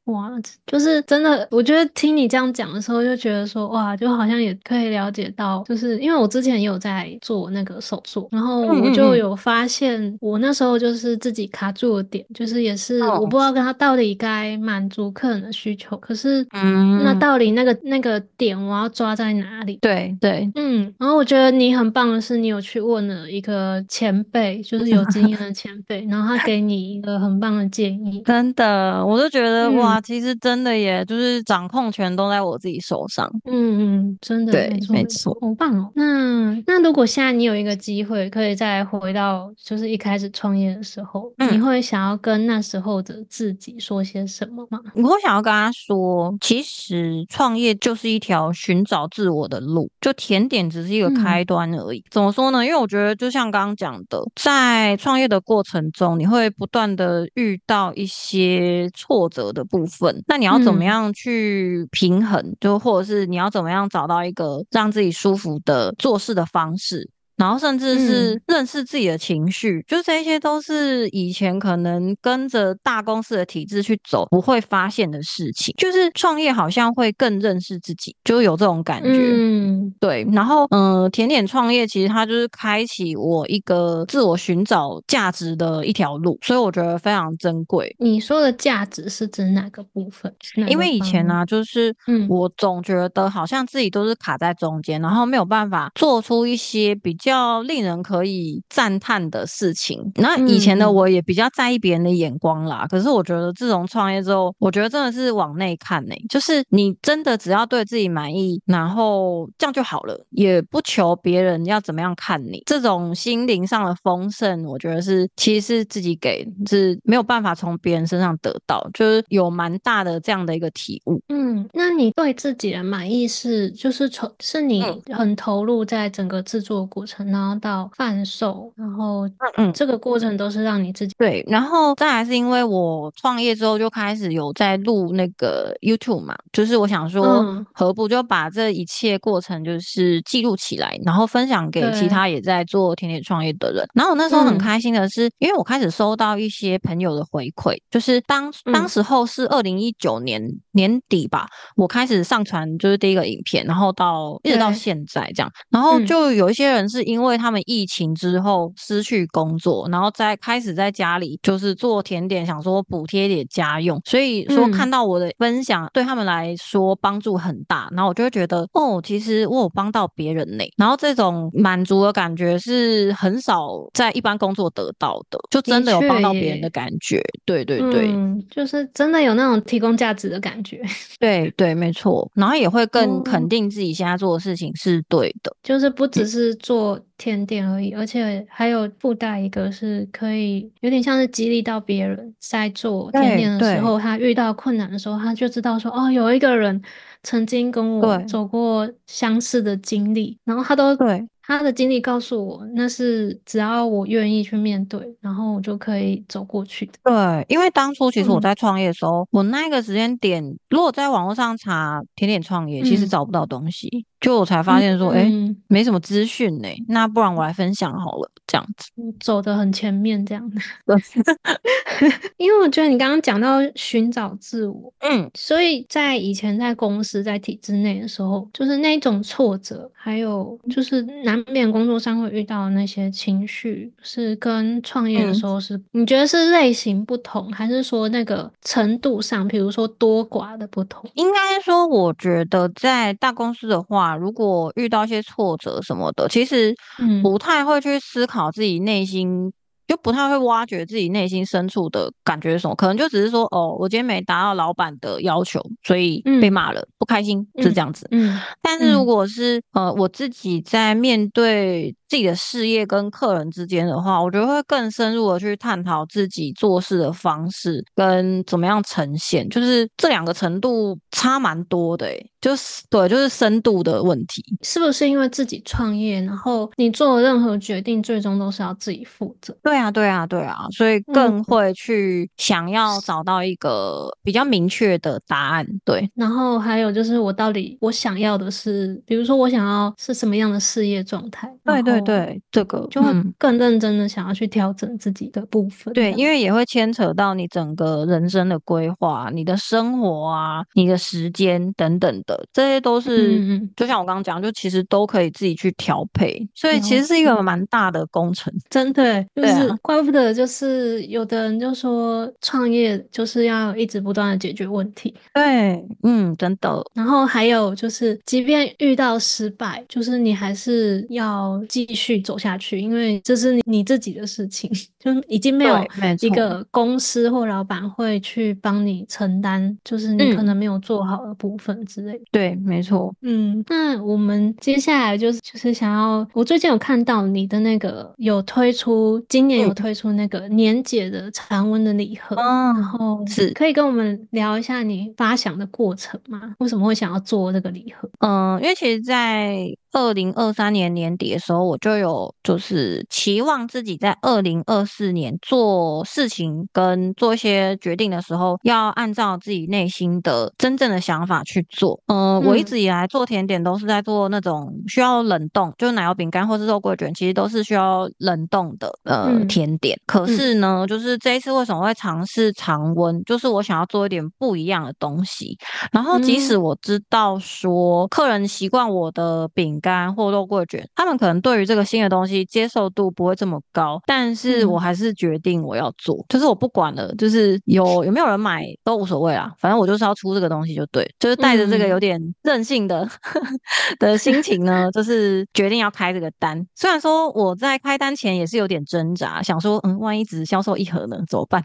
哇，就是真的，我覺得聽你這樣講的時候，就覺得說哇，就好像也可以了解到，就是因為我之前也有在做那個手作，然後我就有發現，我那時候就是自己卡住的點、嗯，就是也是我不知道跟他到底該滿足客人的需求，哦、可是、嗯、那到底那個那個點我要抓在哪裡？對對，嗯。然後我覺得你很棒的是，你有去問了一個前輩，就是有經驗的前輩， 然後他給你一個很棒的建議。真的，我都覺得、嗯、哇。啊，其實真的，也就是掌控權都在我自己手上。嗯嗯，真的對，沒錯、哦，好棒哦。那那如果現在你有一個機會，可以再回到就是一開始創業的時候、嗯，你會想要跟那時候的自己說些什麼嗎？我會想要跟他說，其實創業就是一條尋找自我的路，就甜點只是一個開端而已。嗯、怎麼說呢？因為我覺得就像剛剛講的，在創業的過程中，你會不斷的遇到一些挫折的部分。部分，那你要怎麼樣去平衡？嗯。就或者是你要怎麼樣找到一個讓自己舒服的做事的方式？然後甚至是認識自己的情緒、嗯，就這些都是以前可能跟着大公司的體制去走不會發現的事情。就是創業好像會更認識自己，就有這種感覺。嗯，對。然後，嗯，甜點創業其實它就是開啟我一個自我尋找價值的一條路，所以我覺得非常珍貴。你說的價值是指哪個部分？因為以前呢、啊，就是我總覺得好像自己都是卡在中間，嗯、然後沒有辦法做出一些比較。較令人可以讚嘆的事情。那以前的我也比較在意別人的眼光啦、嗯。可是我覺得自從創業之後，我覺得真的是往內看呢、欸。就是你真的只要對自己滿意，然後這樣就好了，也不求別人要怎麼樣看你。這種心靈上的豐盛，我覺得是其實是自己給，是沒有辦法從別人身上得到。就是有蠻大的這樣的一個體悟。嗯，那你對自己的滿意是，就是從是你很投入在整個制作過程。嗯然後到販售，然後嗯這個過程都是讓你自己、嗯、對，然後再來是因為我創業之後就開始有在錄那個 YouTube 嘛，就是我想說何不就把這一切過程就是記錄起來，嗯、然後分享給其他也在做甜點創業的人。然後我那時候很開心的是、嗯，因為我開始收到一些朋友的回饋，就是當當時候是二零一九年、嗯、年底吧，我開始上傳就是第一個影片，然後到一直到現在這樣，然後就有一些人是。因為他們疫情之後失去工作，然後再開始在家裡就是做甜點，想說補貼一點家用。所以說看到我的分享、嗯、對他們來說幫助很大，然後我就會覺得哦，其實我有幫到別人呢、欸。然後這種滿足的感覺是很少在一般工作得到的，就真的有幫到別人的感覺。對對對、嗯，就是真的有那種提供價值的感覺。 對對，沒錯。然後也會更肯定自己現在做的事情是對的，就是不只是做、嗯。甜點而已，而且還有附帶一個是可以有點像是激勵到別人，在做甜點的時候，他遇到困難的時候，他就知道說哦，有一個人曾經跟我走過相似的經歷，然後他都對。他的經歷告訴我，那是只要我願意去面對，然後我就可以走過去的。對，因為當初其實我在創業的時候，嗯、我那個時間點，如果在網絡上查甜點、點創業，其實找不到東西，嗯、就我才發現說，哎、嗯嗯欸，沒什麼資訊呢、欸。那不然我來分享好了，這樣子。走得很前面，這樣子。對， 因為我覺得你剛剛講到尋找自我，嗯，所以在以前在公司在體制內的時候，就是那一種挫折，還有就是那。難免工作上會遇到那些情緒，是跟創業的時候是、嗯？你覺得是類型不同，還是說那個程度上，比如說多寡的不同？應該說，我覺得在大公司的話，如果遇到一些挫折什麼的，其實不太會去思考自己內心。嗯就不太會挖掘自己內心深處的感覺是什麼？可能就只是說，哦，我今天沒達到老板的要求，所以被罵了，嗯，不開心，是這樣子。嗯嗯，但是如果是，嗯，呃，我自己在面對。自己的事業跟客人之間的話，我覺得會更深入的去探討自己做事的方式跟怎麼樣呈現，就是這兩個程度差蠻多的、欸，就是對，就是深度的問題，是不是因為自己創業，然後你做了任何決定，然後你做了任何決定，最終都是要自己負責？對啊，對啊，對啊，所以更會去想要找到一個比較明確的答案，對、嗯。然後還有就是，我到底我想要的是，比如說我想要是什麼樣的事業狀態？對對。對這個就會更認真的想要去調整自己的部分、嗯，對，因為也會牽扯到你整個人生的規劃、你的生活啊、你的時間等等的，這些都是，嗯嗯，就像我剛剛講，就其實都可以自己去調配，所以其實是一個蠻大的工程，嗯、真的，就是、對啊、怪不得，就是有的人就說創業就是要一直不斷的解決問題，對，嗯，真的。然後還有就是，即便遇到失敗，就是你還是要繼繼續走下去，因為這是你自己的事情，就已經沒有一個公司或老板會去幫你承擔，就是你可能沒有做好的部分之類的。對，沒錯。嗯，那我們接下來就是就是想要，我最近有看到你的那個有推出，今年有推出那個年節的常溫的禮盒。嗯，然後是可以跟我們聊一下你發想的過程嗎？為什麼會想要做這個禮盒？嗯、呃，因為其實，在二零二三年年底的時候，我。就有就是期望自己在二零二四年做事情跟做一些決定的時候，要按照自己內心的真正的想法去做。呃，嗯，我一直以來做甜點都是在做那種需要冷凍，就是奶油餅乾或是肉桂捲，其實都是需要冷凍的，呃，嗯，甜點。可是呢，嗯，就是這一次為什麼會嘗試常溫？就是我想要做一點不一樣的東西。然後即使我知道說客人習慣我的餅乾或肉桂捲，他們可能對於這個新的東西接受度不會這麼高，但是我還是決定我要做，嗯、就是我不管了，就是有有沒有人買都無所謂啊，反正我就是要出這個東西就對，就是帶着這個有點任性的、嗯、 的心情呢，就是決定要開這個單。 雖然說我在開單前也是有點掙扎，想說嗯，萬一只銷售一盒呢，怎麼辦？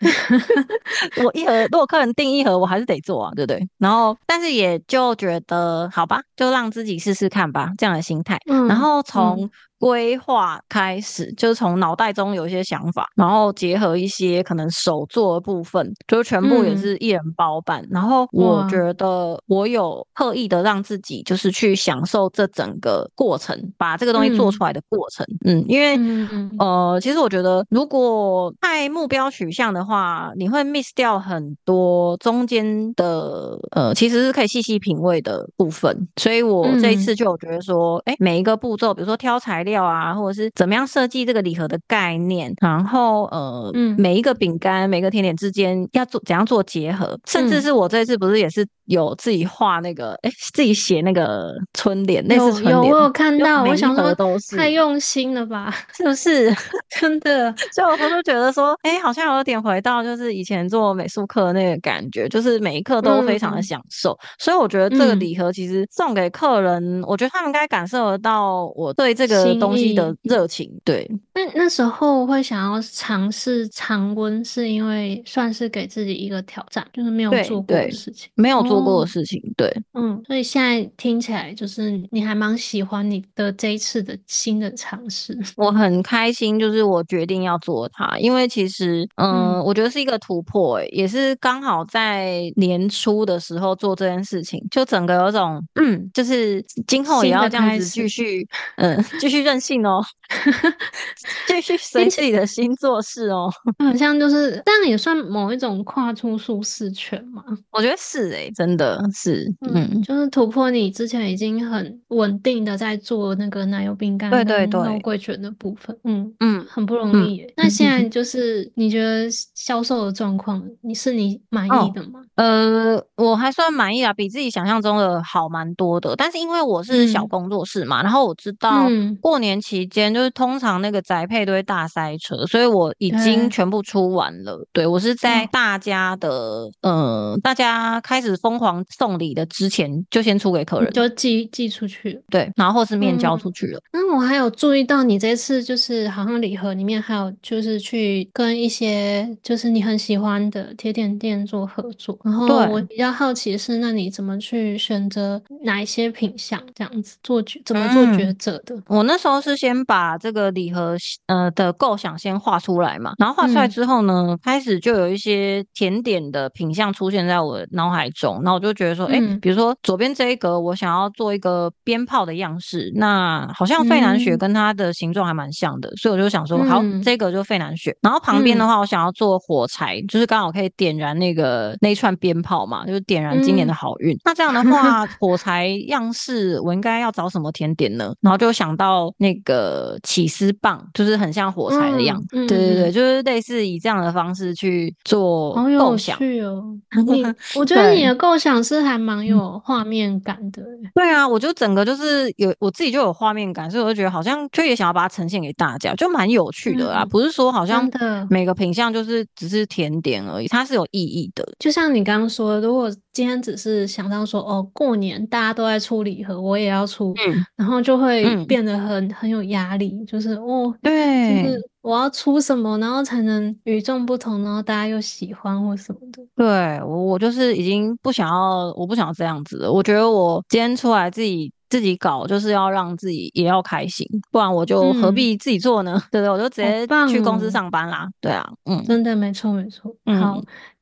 我 一盒如果客人訂一盒，我還是得做啊，對不對？然後但是也就覺得好吧，就讓自己試試看吧，這樣的心態。嗯、然後從、嗯規劃開始，就是從腦袋中有一些想法，然後結合一些可能手做的部分，就是全部也是一人包辦、嗯。然後我覺得我有刻意的讓自己就是去享受這整個過程，把這個東西做出來的過程。嗯，嗯因為、嗯、呃，其實我覺得如果太目標取向的話，你會 miss 掉很多中間的呃其實是可以細細品味的部分。所以我這一次就覺得說，哎、嗯欸，每一個步驟，比如說挑材。料啊，或者是怎麼樣設計這個禮盒的概念，然後呃、嗯，每，每一個餅乾、每個甜點之間要做怎樣做結合，甚至是我這次不是也是。有自己畫那個，哎、欸，自己寫那個春聯，那是春聯。有，有我有看到。我想說都是太用心了吧？是不是 真的？所以，我朋友覺得說，哎、欸，好像有點回到就是以前做美術課那個感覺，就是每一課都非常的享受。嗯、所以，我覺得這個禮盒其實送給客人，嗯、我覺得他們應該感受得到我對這個東西的熱情。對，那那時候會想要嘗試常溫，是因為算是給自己一個挑戰，就是沒有做過的事情，沒有做。過的事情，對，嗯，所以現在聽起來就是你還蠻喜歡你的這一次的新的嘗試。我很開心，就是我決定要做它，因為其實，嗯，嗯我覺得是一個突破、欸，也是剛好在年初的時候做這件事情，就整個有種，嗯，就是今後也要這樣子繼續，嗯，繼續任性哦、喔，繼 續隨自己的心做事哦、喔， 好像就是這樣也算某一種跨出舒適圈嘛，我覺得是哎、欸，真的。真的是嗯，嗯，就是突破你之前已經很穩定的在做那個奶油餅乾、對對對，肉桂捲的部分，嗯嗯，很不容易、欸嗯。那現在就是你覺得銷售的狀況，你是你滿意的嗎、哦？呃，我還算滿意啊，比自己想象中的好蠻多的。但是因為我是小工作室嘛，嗯、然後我知道過年期間就是通常那個宅配都會大塞車，嗯、所以我已經全部出完了。對，對我是在大家的、嗯，呃，大家開始封。黃送禮的之前就先出給客人，就寄寄出去，對，然後是面交出去了。那、嗯嗯、我還有注意到你這次就是好像禮盒裡面還有就是去跟一些就是你很喜歡的甜點店做合作。然後我比較好奇是那你怎麼去選擇哪一些品項這樣子做決怎麼做抉擇的、嗯？我那時候是先把這個禮盒呃的構想先畫出來嘛，然後畫出來之後呢，嗯、開始就有一些甜點的品項出現在我腦海中。然後我就覺得說，哎，比如說左邊這一格，我想要做一個鞭炮的樣式、嗯，那好像費南雪跟它的形狀還蠻像的，嗯、所以我就想說，好，這個就費南雪、嗯。然後旁邊的話，我想要做火柴、嗯，就是剛好可以點燃那個那一串鞭炮嘛，就是點燃今年的好運、嗯。那這樣的話，火柴樣式我應該要找什麼甜點呢？ 然後就想到那個起司棒，就是很像火柴的樣子、嗯嗯。對對對，就是類似以這樣的方式去做共享。構想。好有趣哦！你， 我覺得你的。 我想是還蠻有畫面感的、欸嗯，對啊，我就整個就是有我自己就有畫面感，所以我就覺得好像就也想要把它呈現給大家，就蠻有趣的啦、嗯。不是說好像每個品項就是只是甜點而已，它是有意義的。就像你剛剛說的，如果。今天只是想到說哦，過年大家都在出禮盒，我也要出、嗯，然後就會變得很、嗯、很有壓力，就是哦，對，就是我要出什麼，然後才能與眾不同，然後大家又喜歡或什麼的。對，我我就是已經不想要，我不想這樣子了。我覺得我今天出來自己自己搞，就是要讓自己也要開心，不然我就何必自己做呢？對、嗯、 對，我就直接去公司上班啦。哦哦對啊，嗯，真的沒錯沒錯、嗯，好。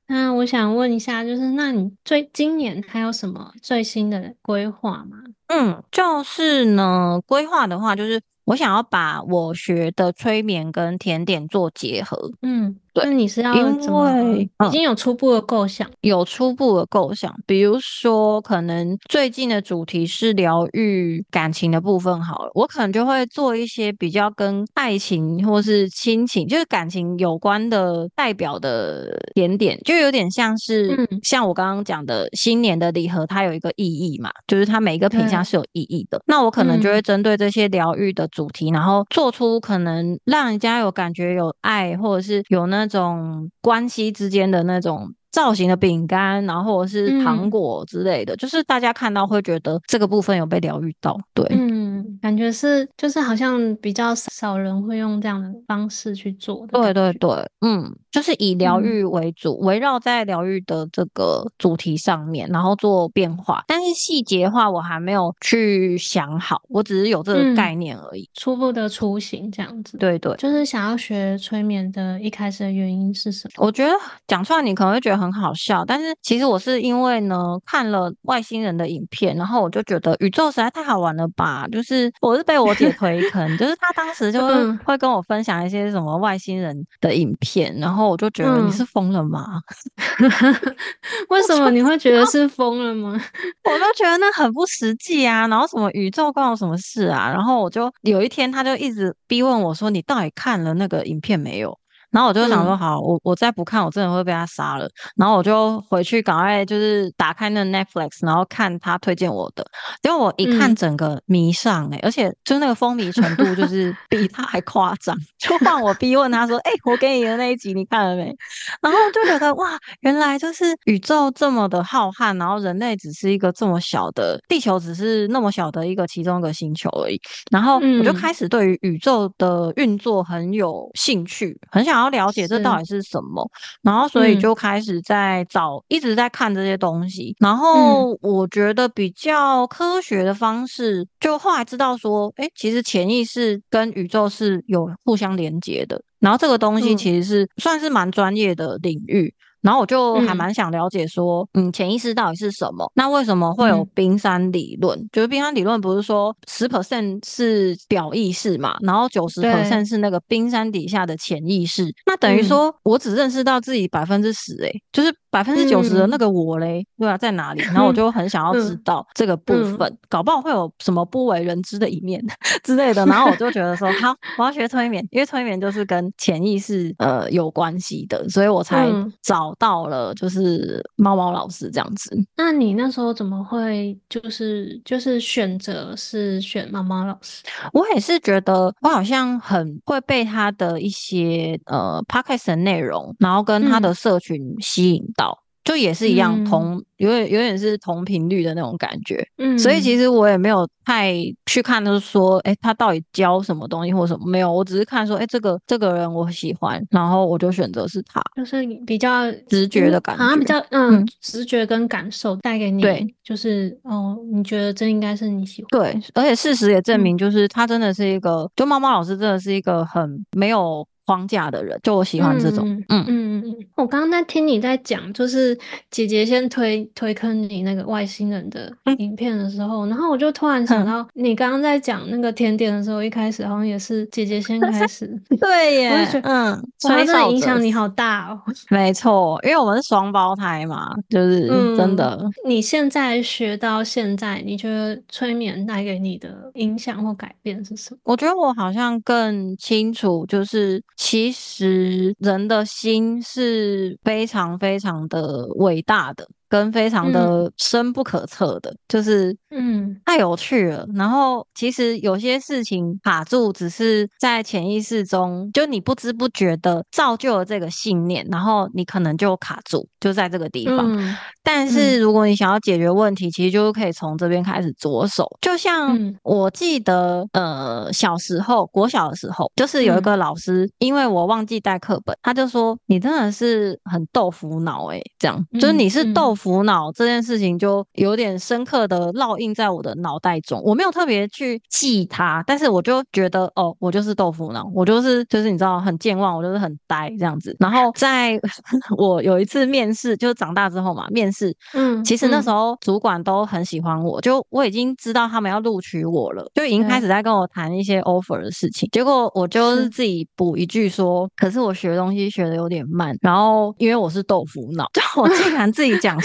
那我想問一下，就是那你最今年還有什麼最新的規劃嗎？嗯，就是呢，規劃的話，就是我想要把我學的催眠跟甜點做結合。嗯。對，你是要因為已經有初步的構想？嗯，有初步的構想，比如說可能最近的主題是療癒感情的部分，好了，我可能就會做一些比較跟愛情或是親情，就是感情有關的代表的點點，就有點像是、嗯、像我剛剛講的新年的禮盒，它有一個意義嘛，就是它每一個品項是有意義的。那我可能就會針對這些療癒的主題，嗯，然後做出可能讓人家有感覺有愛，或者是有那個。那種關係之間的那種。造型的餅乾，然後或者是糖果之類的、嗯，就是大家看到會覺得這個部分有被療癒到，對，嗯，感覺是就是好像比較少人會用這樣的方式去做，對對對，嗯，就是以療癒為主，圍、嗯、繞在療癒的這個主題上面，然後做變化，但是細節的話我還沒有去想好，我只是有這個概念而已，嗯、初步的雛形這樣子，對，對對，就是想要學催眠的一開始的原因是什麼？我覺得講出來你可能會覺得很。很好笑，但是其實我是因為呢看了外星人的影片，然後我就覺得宇宙實在太好玩了吧。就是我是被我姐推坑， 就是他當時就會跟我分享一些什麼外星人的影片，嗯、然後我就覺得你是瘋了嗎？ 為什麼你會覺得是瘋了嗎？ 我都覺得那很不實際啊。然後什麼宇宙關我什麼事啊？然後我就有一天他就一直逼問我說：“你到底看了那個影片沒有？”然後我就想說，好，嗯、我我再不看，我真的會被他殺了。然後我就回去，趕快就是打開那個 Netflix，然後看他推薦我的。結果我一看，整個迷上哎、欸嗯，而且就那個風靡程度，就是比他還誇張。 就換我逼問他說：“哎、 欸，我給你的那一集，你看了沒？”然後就覺得哇，原來就是宇宙這麼的浩瀚，然後人類只是一個這麼小的，地球只是那麼小的一個其中一個星球而已。然後我就開始對於宇宙的運作很有興趣，嗯、很想要。要了解這到底是什麼是，然後所以就開始在找、嗯，一直在看這些東西。然後我覺得比較科學的方式，嗯、就後來知道說，哎，其實潛意識跟宇宙是有互相連接的。然後這個東西其實是、嗯、算是蠻專業的領域。然後我就還蠻想了解說嗯，嗯，潛意識到底是什麼？那為什麼會有冰山理論？嗯、就是冰山理論不是說十 percent 是表意識嘛，然後九十 percent 是那個冰山底下的潛意識？那等於說我只認識到自己百分之十？哎、欸嗯，就是。百分之九十的那個我嘞、嗯，對啊，在哪裡？然後我就很想要知道這個部分，嗯嗯、搞不好會有什麼不為人知的一面之類的。然後我就覺得說， 好，我要學催眠，因為催眠就是跟潛意識呃有關係的，所以我才找到了就是貓貓老師這樣子、嗯。那你那時候怎麼會就是就是選擇是選貓貓老師？我也是覺得我好像很會被他的一些呃 podcast 的內容，然後跟他的社群吸引到。嗯就也是一樣同，同、嗯、有點有點是同頻率的那種感覺，嗯，所以其實我也沒有太去看就是說，哎、欸，他到底教什麼東西或者什麼，沒有，我只是看說，哎、欸，這個這個人我喜歡，然後我就選擇是他，就是比較直覺的感覺，嗯、好像，比較嗯，直覺跟感受帶給你，對，就是哦，你覺得這應該是你喜歡的，對，而且事實也證明，就是他真的是一個，嗯、就貓貓老師真的是一個很沒有。框架的人，就我喜歡這種。嗯嗯嗯，我剛剛在聽你在講，就是姐姐先推推坑你那個外星人的影片的時候，嗯、然後我就突然想到、嗯，你剛剛在講那個甜點的時候，一開始好像也是姐姐先開始。 對耶，嗯，所以這影響你好大哦。沒錯，因為我們是雙胞胎嘛，就是、嗯、真的。你現在學到現在，你覺得催眠帶給你的影響或改變是什麼？我覺得我好像更清楚，就是。其實，人的心是非常非常的偉大的。跟非常的深不可測的，嗯、就是嗯，太有趣了。然後其實有些事情卡住，只是在潛意識中，就你不知不覺的造就了這個信念，然後你可能就卡住，就在這個地方。嗯、但是如果你想要解決問題，嗯、其實就可以從這邊開始着手。就像我記得、嗯、呃，小時候國小的時候，就是有一個老師，嗯、因為我忘記帶課本，他就說你真的是很豆腐腦哎，這樣，嗯、就是你是豆。腐腦這件事情就有點深刻的烙印在我的腦袋中，我沒有特別去記它，但是我就覺得哦，我就是豆腐腦，我就是就是你知道很健忘，我就是很呆這樣子。然後在 我有一次面試，就是長大之後嘛，面試，嗯，其實那時候主管都很喜歡我，嗯，就我已經知道他們要錄取我了，就已經開始在跟我談一些 offer 的事情。嗯、結果我就是自己補一句說，是可是我學東西學得有點慢，然後因為我是豆腐腦，就我竟然自己講。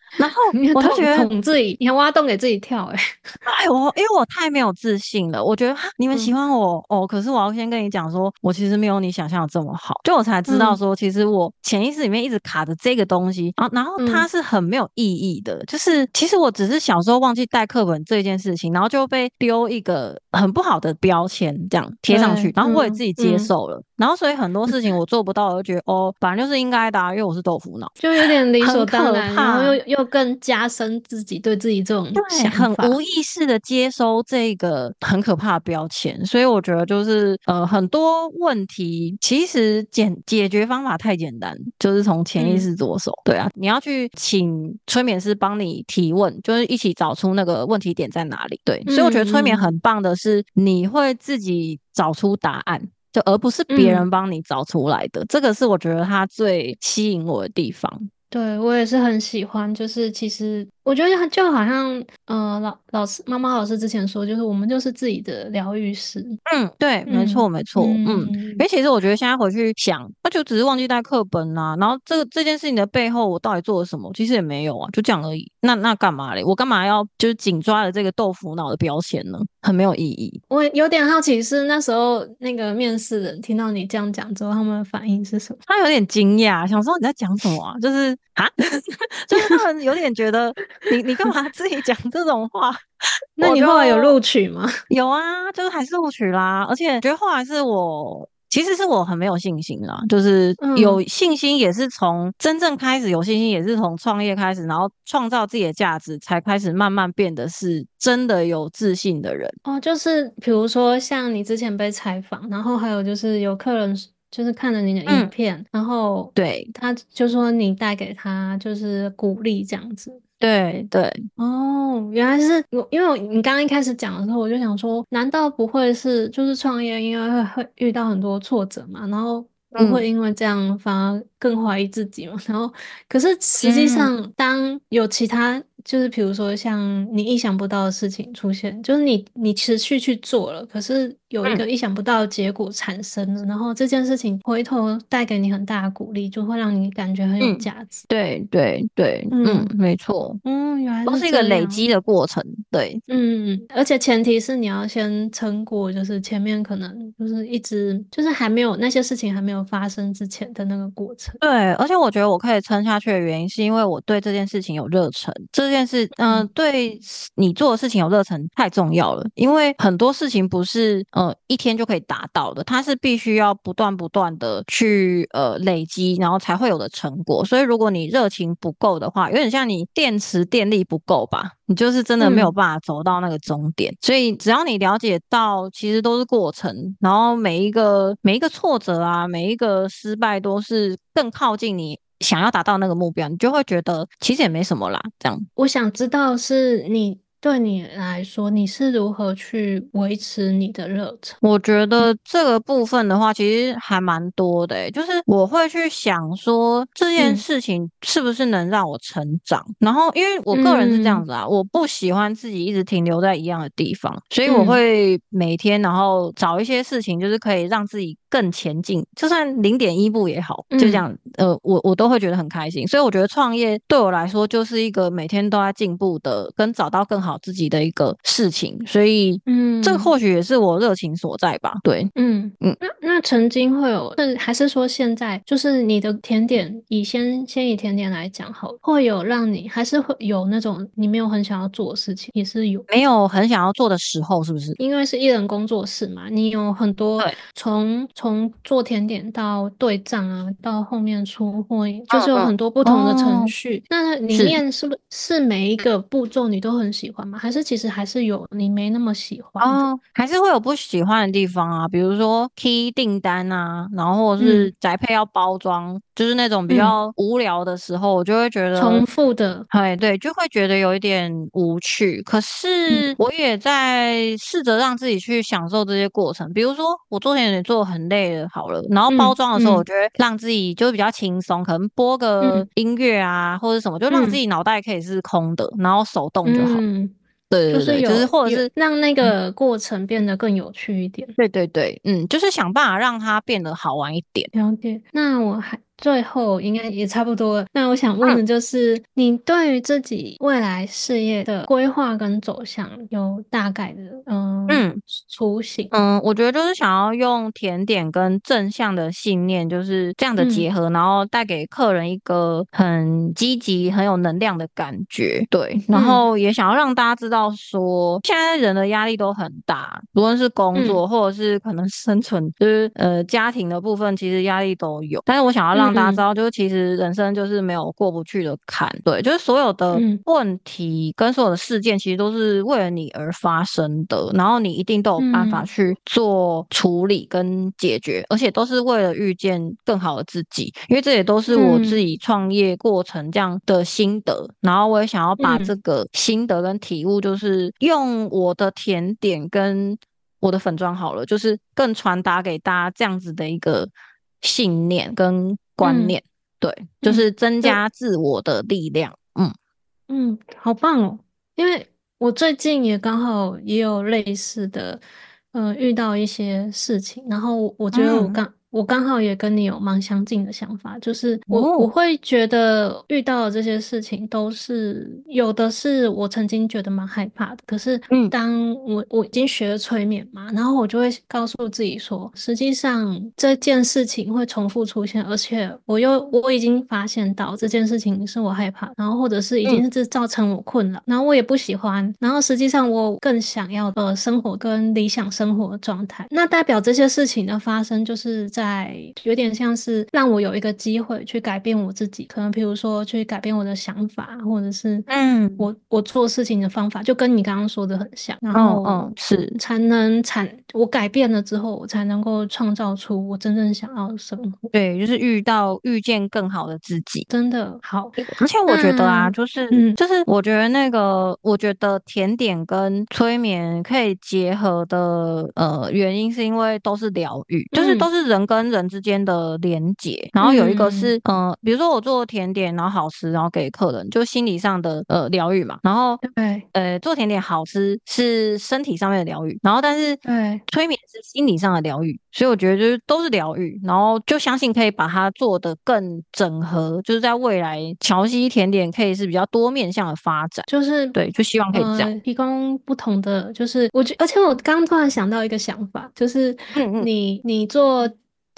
然後我就覺得自己，你還挖洞給自己跳哎！哎，呦，因為我太沒有自信了，我覺得你們喜歡我哦。可是我要先跟你講說，我其實沒有你想象的這麼好。就我才知道說，其實我潛意識裡面一直卡着這個東西啊。然後它是很沒有意義的，就是其實我只是小時候忘記帶課本這件事情，然後就被丟一個很不好的標籤這樣貼上去，然後我也自己接受了。然後所以很多事情我做不到，我就覺得哦，本來就是應該的，啊，因為我是豆腐腦，就有點理所當然。很可怕又又。又更加深自己對自己這種想法，對，很無意識的接收這個很可怕的標籤，所以我覺得就是呃很多問題其實簡解，解決方法太簡單，就是從潛意識着手、嗯。對啊，你要去請催眠師幫你提問，就是一起找出那個問題點在哪裡。對，嗯、所以我覺得催眠很棒的是你會自己找出答案，就而不是別人幫你找出來的。嗯、這個是我覺得它最吸引我的地方。對，我也是很喜歡，就是其實。我覺得就好像，嗯、呃、老老師媽媽老師之前說，就是我們就是自己的療癒師。嗯，對，沒錯、嗯，沒錯、嗯。嗯，而且其實我覺得現在回去想，那就只是忘記帶課本啦、啊。然後這個這件事情的背後，我到底做了什麼？其實也沒有啊，就這樣而已。那那幹嘛嘞？我幹嘛要就是緊抓着這個豆腐腦的標籤呢？很沒有意義。我有點好奇是那時候那個面試人聽到你這樣講之後，他們的反應是什麼？他有點驚訝，想說你在講什麼啊？就是啊， 就是他們有點覺得。 你你幹嘛自己講這種話？ 那你後來，啊、後來有錄取嗎？有啊，就是還是錄取啦。而且覺得後來是我，其實是我很沒有信心啦。就是有信心也是從真正開始，有信心，也是從創業開始，然後創造自己的價值，才開始慢慢變得是真的有自信的人。哦，就是比如說像你之前被採訪，然後還有就是有客人就是看了你的影片，嗯、然後對他就說你帶給他就是鼓勵這樣子。對對哦，原來是我，因為我你剛剛一開始講的時候，我就想說，難道不會是就是創業，因為會遇到很多挫折嘛，然後不會因為這樣反而更懷疑自己嘛、嗯？然後，可是實際上，嗯、當有其他。就是比如說，像你意想不到的事情出現，就是你你持續去做了，可是有一個意想不到的結果產生了、嗯，然後這件事情回頭帶給你很大的鼓勵，就會讓你感覺很有價值。嗯、對對對嗯，嗯，沒錯，嗯，原來是都是一個累積的過程。對，嗯，而且前提是你要先撐過，就是前面可能就是一直就是還沒有那些事情還沒有發生之前的那個過程。對，而且我覺得我可以撐下去的原因，是因為我對這件事情有熱忱。這這件事，嗯、呃，對你做的事情有熱忱太重要了，因為很多事情不是呃一天就可以達到的，它是必須要不斷不斷地去呃累積，然後才會有的成果。所以如果你熱情不夠的話，有點像你電池電力不夠吧，你就是真的沒有辦法走到那個終點。嗯、所以只要你了解到，其實都是過程，然後每一個每一個挫折啊，每一個失敗都是更靠近你。想要達到那個目標，你就會覺得其實也沒什麼啦。這樣，我想知道是你對你來說，你是如何去維持你的熱情？我覺得這個部分的話，其實還蠻多的，欸，就是我會去想說，這件事情是不是能讓我成長？嗯。然後，因為我個人是這樣子啊，嗯，我不喜歡自己一直停留在一樣的地方，所以我會每天然後找一些事情，就是可以讓自己。更前進，就算零點一步也好，就這樣，嗯、呃，我我都會覺得很開心。所以我覺得創業對我來說就是一個每天都在進步的，跟找到更好自己的一個事情。所以，嗯，這或許也是我熱情所在吧。對，嗯嗯。那那曾經會有，但還是說現在，就是你的甜點，以先先以甜點來講好了，會有讓你還是會有那種你沒有很想要做的事情，也是有沒有很想要做的時候，是不是？因為是一人工作室嘛，你有很多對。從。從做甜點到對賬啊，到後面出貨，oh, 就是有很多不同的程序。Oh, oh. 那裡面是不是,是每一個步驟你都很喜歡嗎？還是其實還是有你沒那麼喜歡？哦、oh,，還是會有不喜歡的地方啊，比如說 key 訂單啊，然後是宅配要包裝、嗯，就是那種比較無聊的時候，嗯、我就會覺得重複的，哎對，就會覺得有一點無趣。可是我也在試着讓自己去享受這些過程，嗯、比如說我做甜點做得很。累了、好了，然後包裝的時候，我覺得讓自己就比較輕鬆、嗯嗯，可能播個音樂啊，嗯、或者什麼，就讓自己腦袋可以是空的、嗯，然後手動就好。嗯、對對、對、就是、有就是或者是有、嗯、讓那個過程變得更有趣一點。對對對，嗯，就是想辦法讓它變得好玩一點。了解。那我還。最後應該也差不多了。那我想問的就是，嗯、你對於自己未來事業的規劃跟走向有大概的嗯嗯雛形嗯？我覺得就是想要用甜點跟正向的信念，就是這樣的結合，嗯、然後帶給客人一個很積極、很有能量的感覺。對，然後也想要讓大家知道說，現在人的壓力都很大，無論是工作或者是可能生存，嗯、就是呃家庭的部分，其實壓力都有。但是我想要讓嗯、大招就是，其實人生就是沒有過不去的坎，對，就是所有的問題跟所有的事件，其實都是為了你而發生的，然後你一定都有辦法去做處理跟解決，嗯、而且都是為了遇見更好的自己，因為這也都是我自己創業過程這樣的心得、嗯，然後我也想要把這個心得跟體悟，就是用我的甜點跟我的粉裝好了，就是更傳達給大家這樣子的一個信念跟。觀念、嗯、對、嗯，就是增加自我的力量。嗯嗯，好棒哦！因為我最近也剛好也有類似的，嗯、呃，遇到一些事情，然後我覺得我剛、嗯。我剛好也跟你有蠻相近的想法，就是我我會覺得遇到的這些事情都是有的，是我曾經覺得蠻害怕的。可是，嗯，當我我已經學了催眠嘛，然後我就會告訴自己說，實際上這件事情會重複出現，而且我又我已經發現到這件事情是我害怕，然後或者是已經是造成我困擾，然後我也不喜歡，然後實際上我更想要的生活跟理想生活的狀態。那代表這些事情的發生就是在。在有點像是讓我有一個機會去改變我自己，可能比如說去改變我的想法，或者是嗯，我我做事情的方法，就跟你剛剛說的很像，然後嗯是才能產、嗯、我改變了之後，我才能夠創造出我真正想要的生活。對，就是遇到遇見更好的自己，真的好。而且我覺得啊，嗯、就是就是我覺得那個我覺得甜點跟催眠可以結合的呃原因是因為都是療癒、嗯，就是都是人。跟人之間的連結，然後有一個是，嗯，呃、比如說我做甜點，然後好吃，然後給客人，就心理上的呃療癒嘛。然後對，呃，做甜點好吃是身體上面的療癒，然後但是對催眠是心理上的療癒，所以我覺得就是都是療癒，然後就相信可以把它做得更整合，就是在未來蕎希甜點可以是比較多面向的發展，就是對，就希望可以這樣提供、呃、不同的，就是我覺，而且我剛突然想到一個想法，就是你、嗯、你做。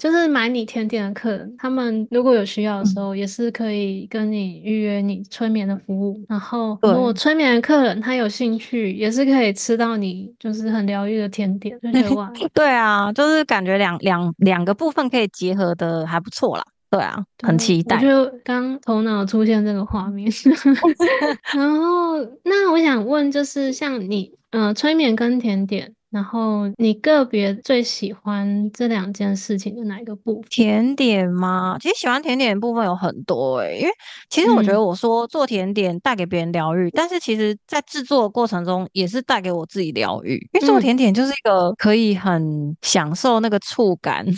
就是買你甜點的客人，他們如果有需要的時候，嗯、也是可以跟你預約你催眠的服務。嗯、然後，我催眠的客人他有興趣，也是可以吃到你就是很療癒的甜點。對啊， 對啊，就是感覺兩兩兩個部分可以結合的還不錯啦，對啊，對啊，很期待。就剛頭腦出現這個畫面， 然後那我想問，就是像你，嗯、呃，催眠跟甜點。然後你個別最喜歡這兩件事情的哪一個部分？甜點嗎？其實喜歡甜點的部分有很多誒、欸，因為其實我覺得我說做甜點帶給別人療癒、嗯，但是其實在制作的過程中也是帶給我自己療癒。嗯、因為做甜點就是一個可以很享受那個觸感，嗯、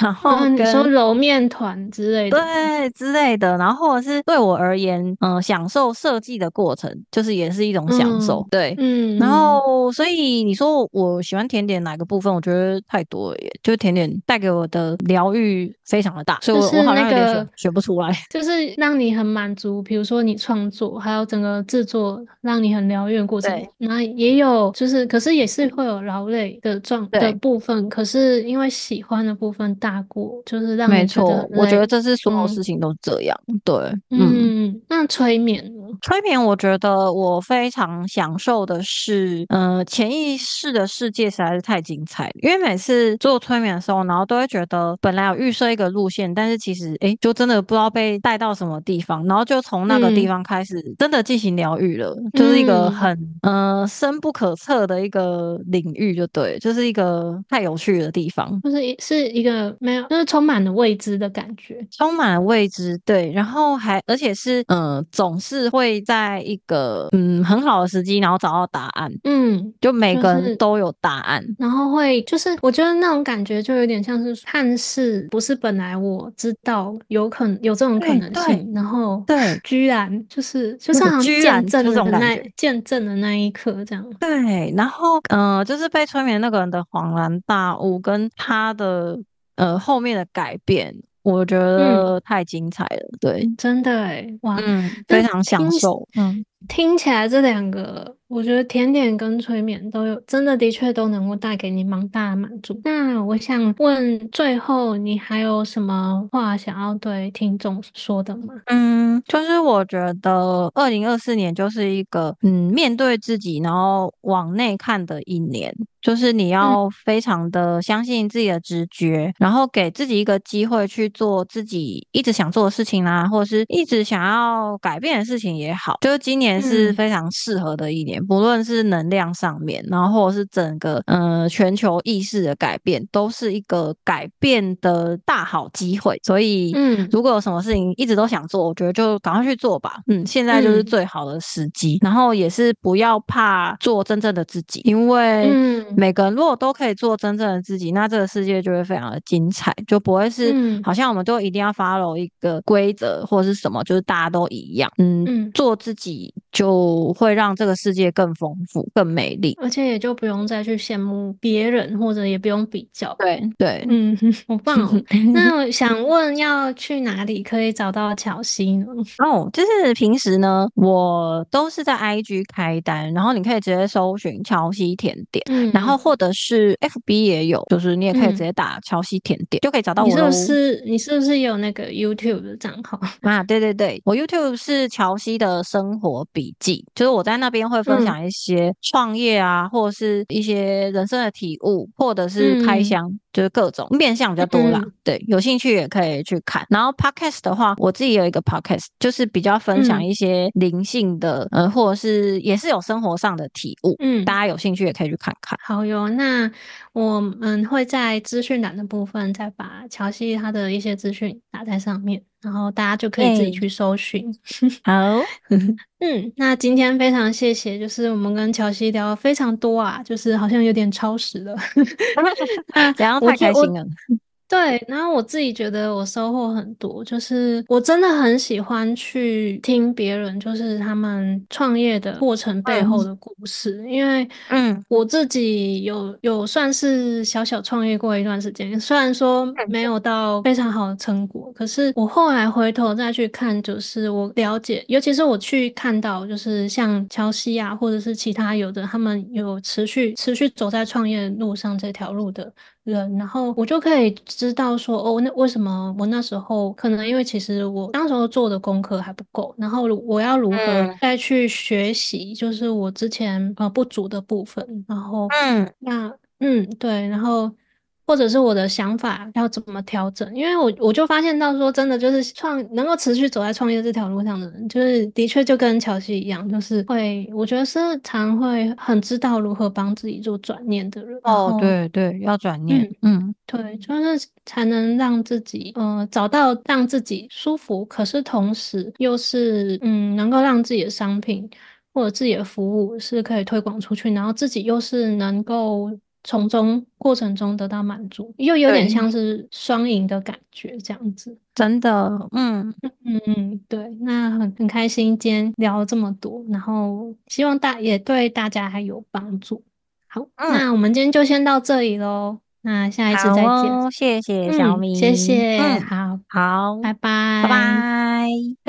然後跟、啊、你說揉面团之類的，對之類的，然後或者是對我而言，嗯、呃，享受設計的過程，就是也是一種享受，嗯、對，嗯。然後所以你說我。我喜歡甜點哪個部分？我覺得太多了耶，就是甜點帶給我的療癒非常的大，所以我、就是那個、我好像選選不出來。就是讓你很滿足，比如說你創作還有整個製作，讓你很療癒的過程。那也有就是，可是也是會有勞累的狀的部分。可是因為喜歡的部分大過，就是讓沒錯，我覺得這是所有事情都這樣。嗯、對嗯，嗯，那催眠。催眠，我覺得我非常享受的是，呃，潛意識的世界實在是太精彩。因為每次做催眠的時候，然後都會覺得本來有預設一個路線，但是其實哎，就真的不知道被帶到什麼地方，然後就從那個地方開始真的進行療癒了。嗯，就是一個很呃深不可測的一個領域，就對，就是一個太有趣的地方，就是一是一個沒有，就是充滿了未知的感覺，充滿了未知，對，然後還而且是嗯，呃，總是會。會在一個嗯很好的時機，然後找到答案。嗯，就每個人都有答案，就是、然後會就是，我覺得那種感覺就有點像是看似不是本來我知道有可能有這種可能性，然後對，居然就是就像好像見證那見證的那一刻這樣。對，然後嗯、呃，就是被催眠那個人的恍然大悟，跟他的呃後面的改變。我覺得太精彩了，嗯、對，真的哎、欸，哇、嗯，非常享受，嗯，聽起來這兩個。我覺得甜點跟催眠都有，真的的確都能夠帶給你蠻大的滿足。那我想問，最後你還有什麼話想要對聽眾說的嗎？嗯，就是我覺得二零二四年就是一個嗯，面對自己，然後往內看的一年，就是你要非常的相信自己的直覺，嗯、然後給自己一個機會去做自己一直想做的事情啦、啊，或者是一直想要改變的事情也好，就是今年是非常適合的一年。嗯不論是能量上面，然後或者是整個呃全球意識的改變，都是一個改變的大好機會。所以，嗯，如果有什麼事情一直都想做，我覺得就趕快去做吧。嗯，現在就是最好的時機。嗯，然後也是不要怕做真正的自己，因為每個人如果都可以做真正的自己，那這個世界就會非常的精彩，就不會是好像我們都一定要 follow 一個規則或者是什麼，就是大家都一樣。嗯，嗯，做自己。就會讓這個世界更豐富、更美麗，而且也就不用再去羨慕別人，或者也不用比較。對對，嗯，好棒喔。 那我想問，要去哪裡可以找到蕎希呢？哦，就是平時呢，我都是在 IG 開單，然後你可以直接搜尋蕎希甜點，然後或者是 FB 也有，就是你也可以直接打蕎希甜點就可以找到我。你是不是你是不是有那個 YouTube 的賬號啊？對對對，我 YouTube 是蕎希的生活。筆記，就是我在那邊會分享一些創業啊、嗯，或者是一些人生的體悟，或者是開箱。嗯就是各種面向比較多啦，嗯，對，有興趣也可以去看。然後 podcast 的話，我自己有一個 podcast，就是比較分享一些靈性的、嗯，呃，或者是也是有生活上的體悟，嗯，大家有興趣也可以去看看。好喲，那我們會在資訊欄的部分再把蕎希他的一些資訊打在上面，然後大家就可以自己去搜尋。欸， 好，哦， 嗯，那今天非常謝謝，就是我們跟蕎希聊非常多啊，就是好像有點超時了，然 後那。 我開心，對。然後我自己覺得我收穫很多，就是我真的很喜歡去聽別人，就是他們創業的過程背後的故事，因為嗯，我自己有有算是小小創業過一段時間，雖然說沒有到非常好的成果，可是我後來回頭再去看，就是我了解，尤其是我去看到，就是像蕎希啊或者是其他有的他們有持續持續走在創業路上這條路的。人，然後我就可以知道說，哦，那為什麼我那時候，可能因為其實我那時候做的功課還不夠，然後我要如何再去學習，就是我之前呃不足的部分，然後嗯，那嗯對，然後。或者是我的想法要怎麼調整？因為我我就發現到說，真的就是創能夠持續走在創業這條路上的人，就是的確就跟蕎希一樣，就是會，我覺得是常會很知道如何幫自己做轉念的人。哦，對對，要轉念嗯，嗯，對，就是才能讓自己，嗯、呃，找到讓自己舒服，可是同時又是嗯，能夠讓自己的商品或者自己的服務是可以推廣出去，然後自己又是能夠。從中過程中得到滿足，又有點像是雙贏的感覺，這樣子，真的，嗯嗯嗯，對，那很很開心，今天聊了這麼多，然後希望大也對大家還有幫助。好、嗯，那我們今天就先到這裡嘍，那下一次再見，好哦、謝謝小米，嗯、謝謝，嗯，好好，拜拜，拜拜。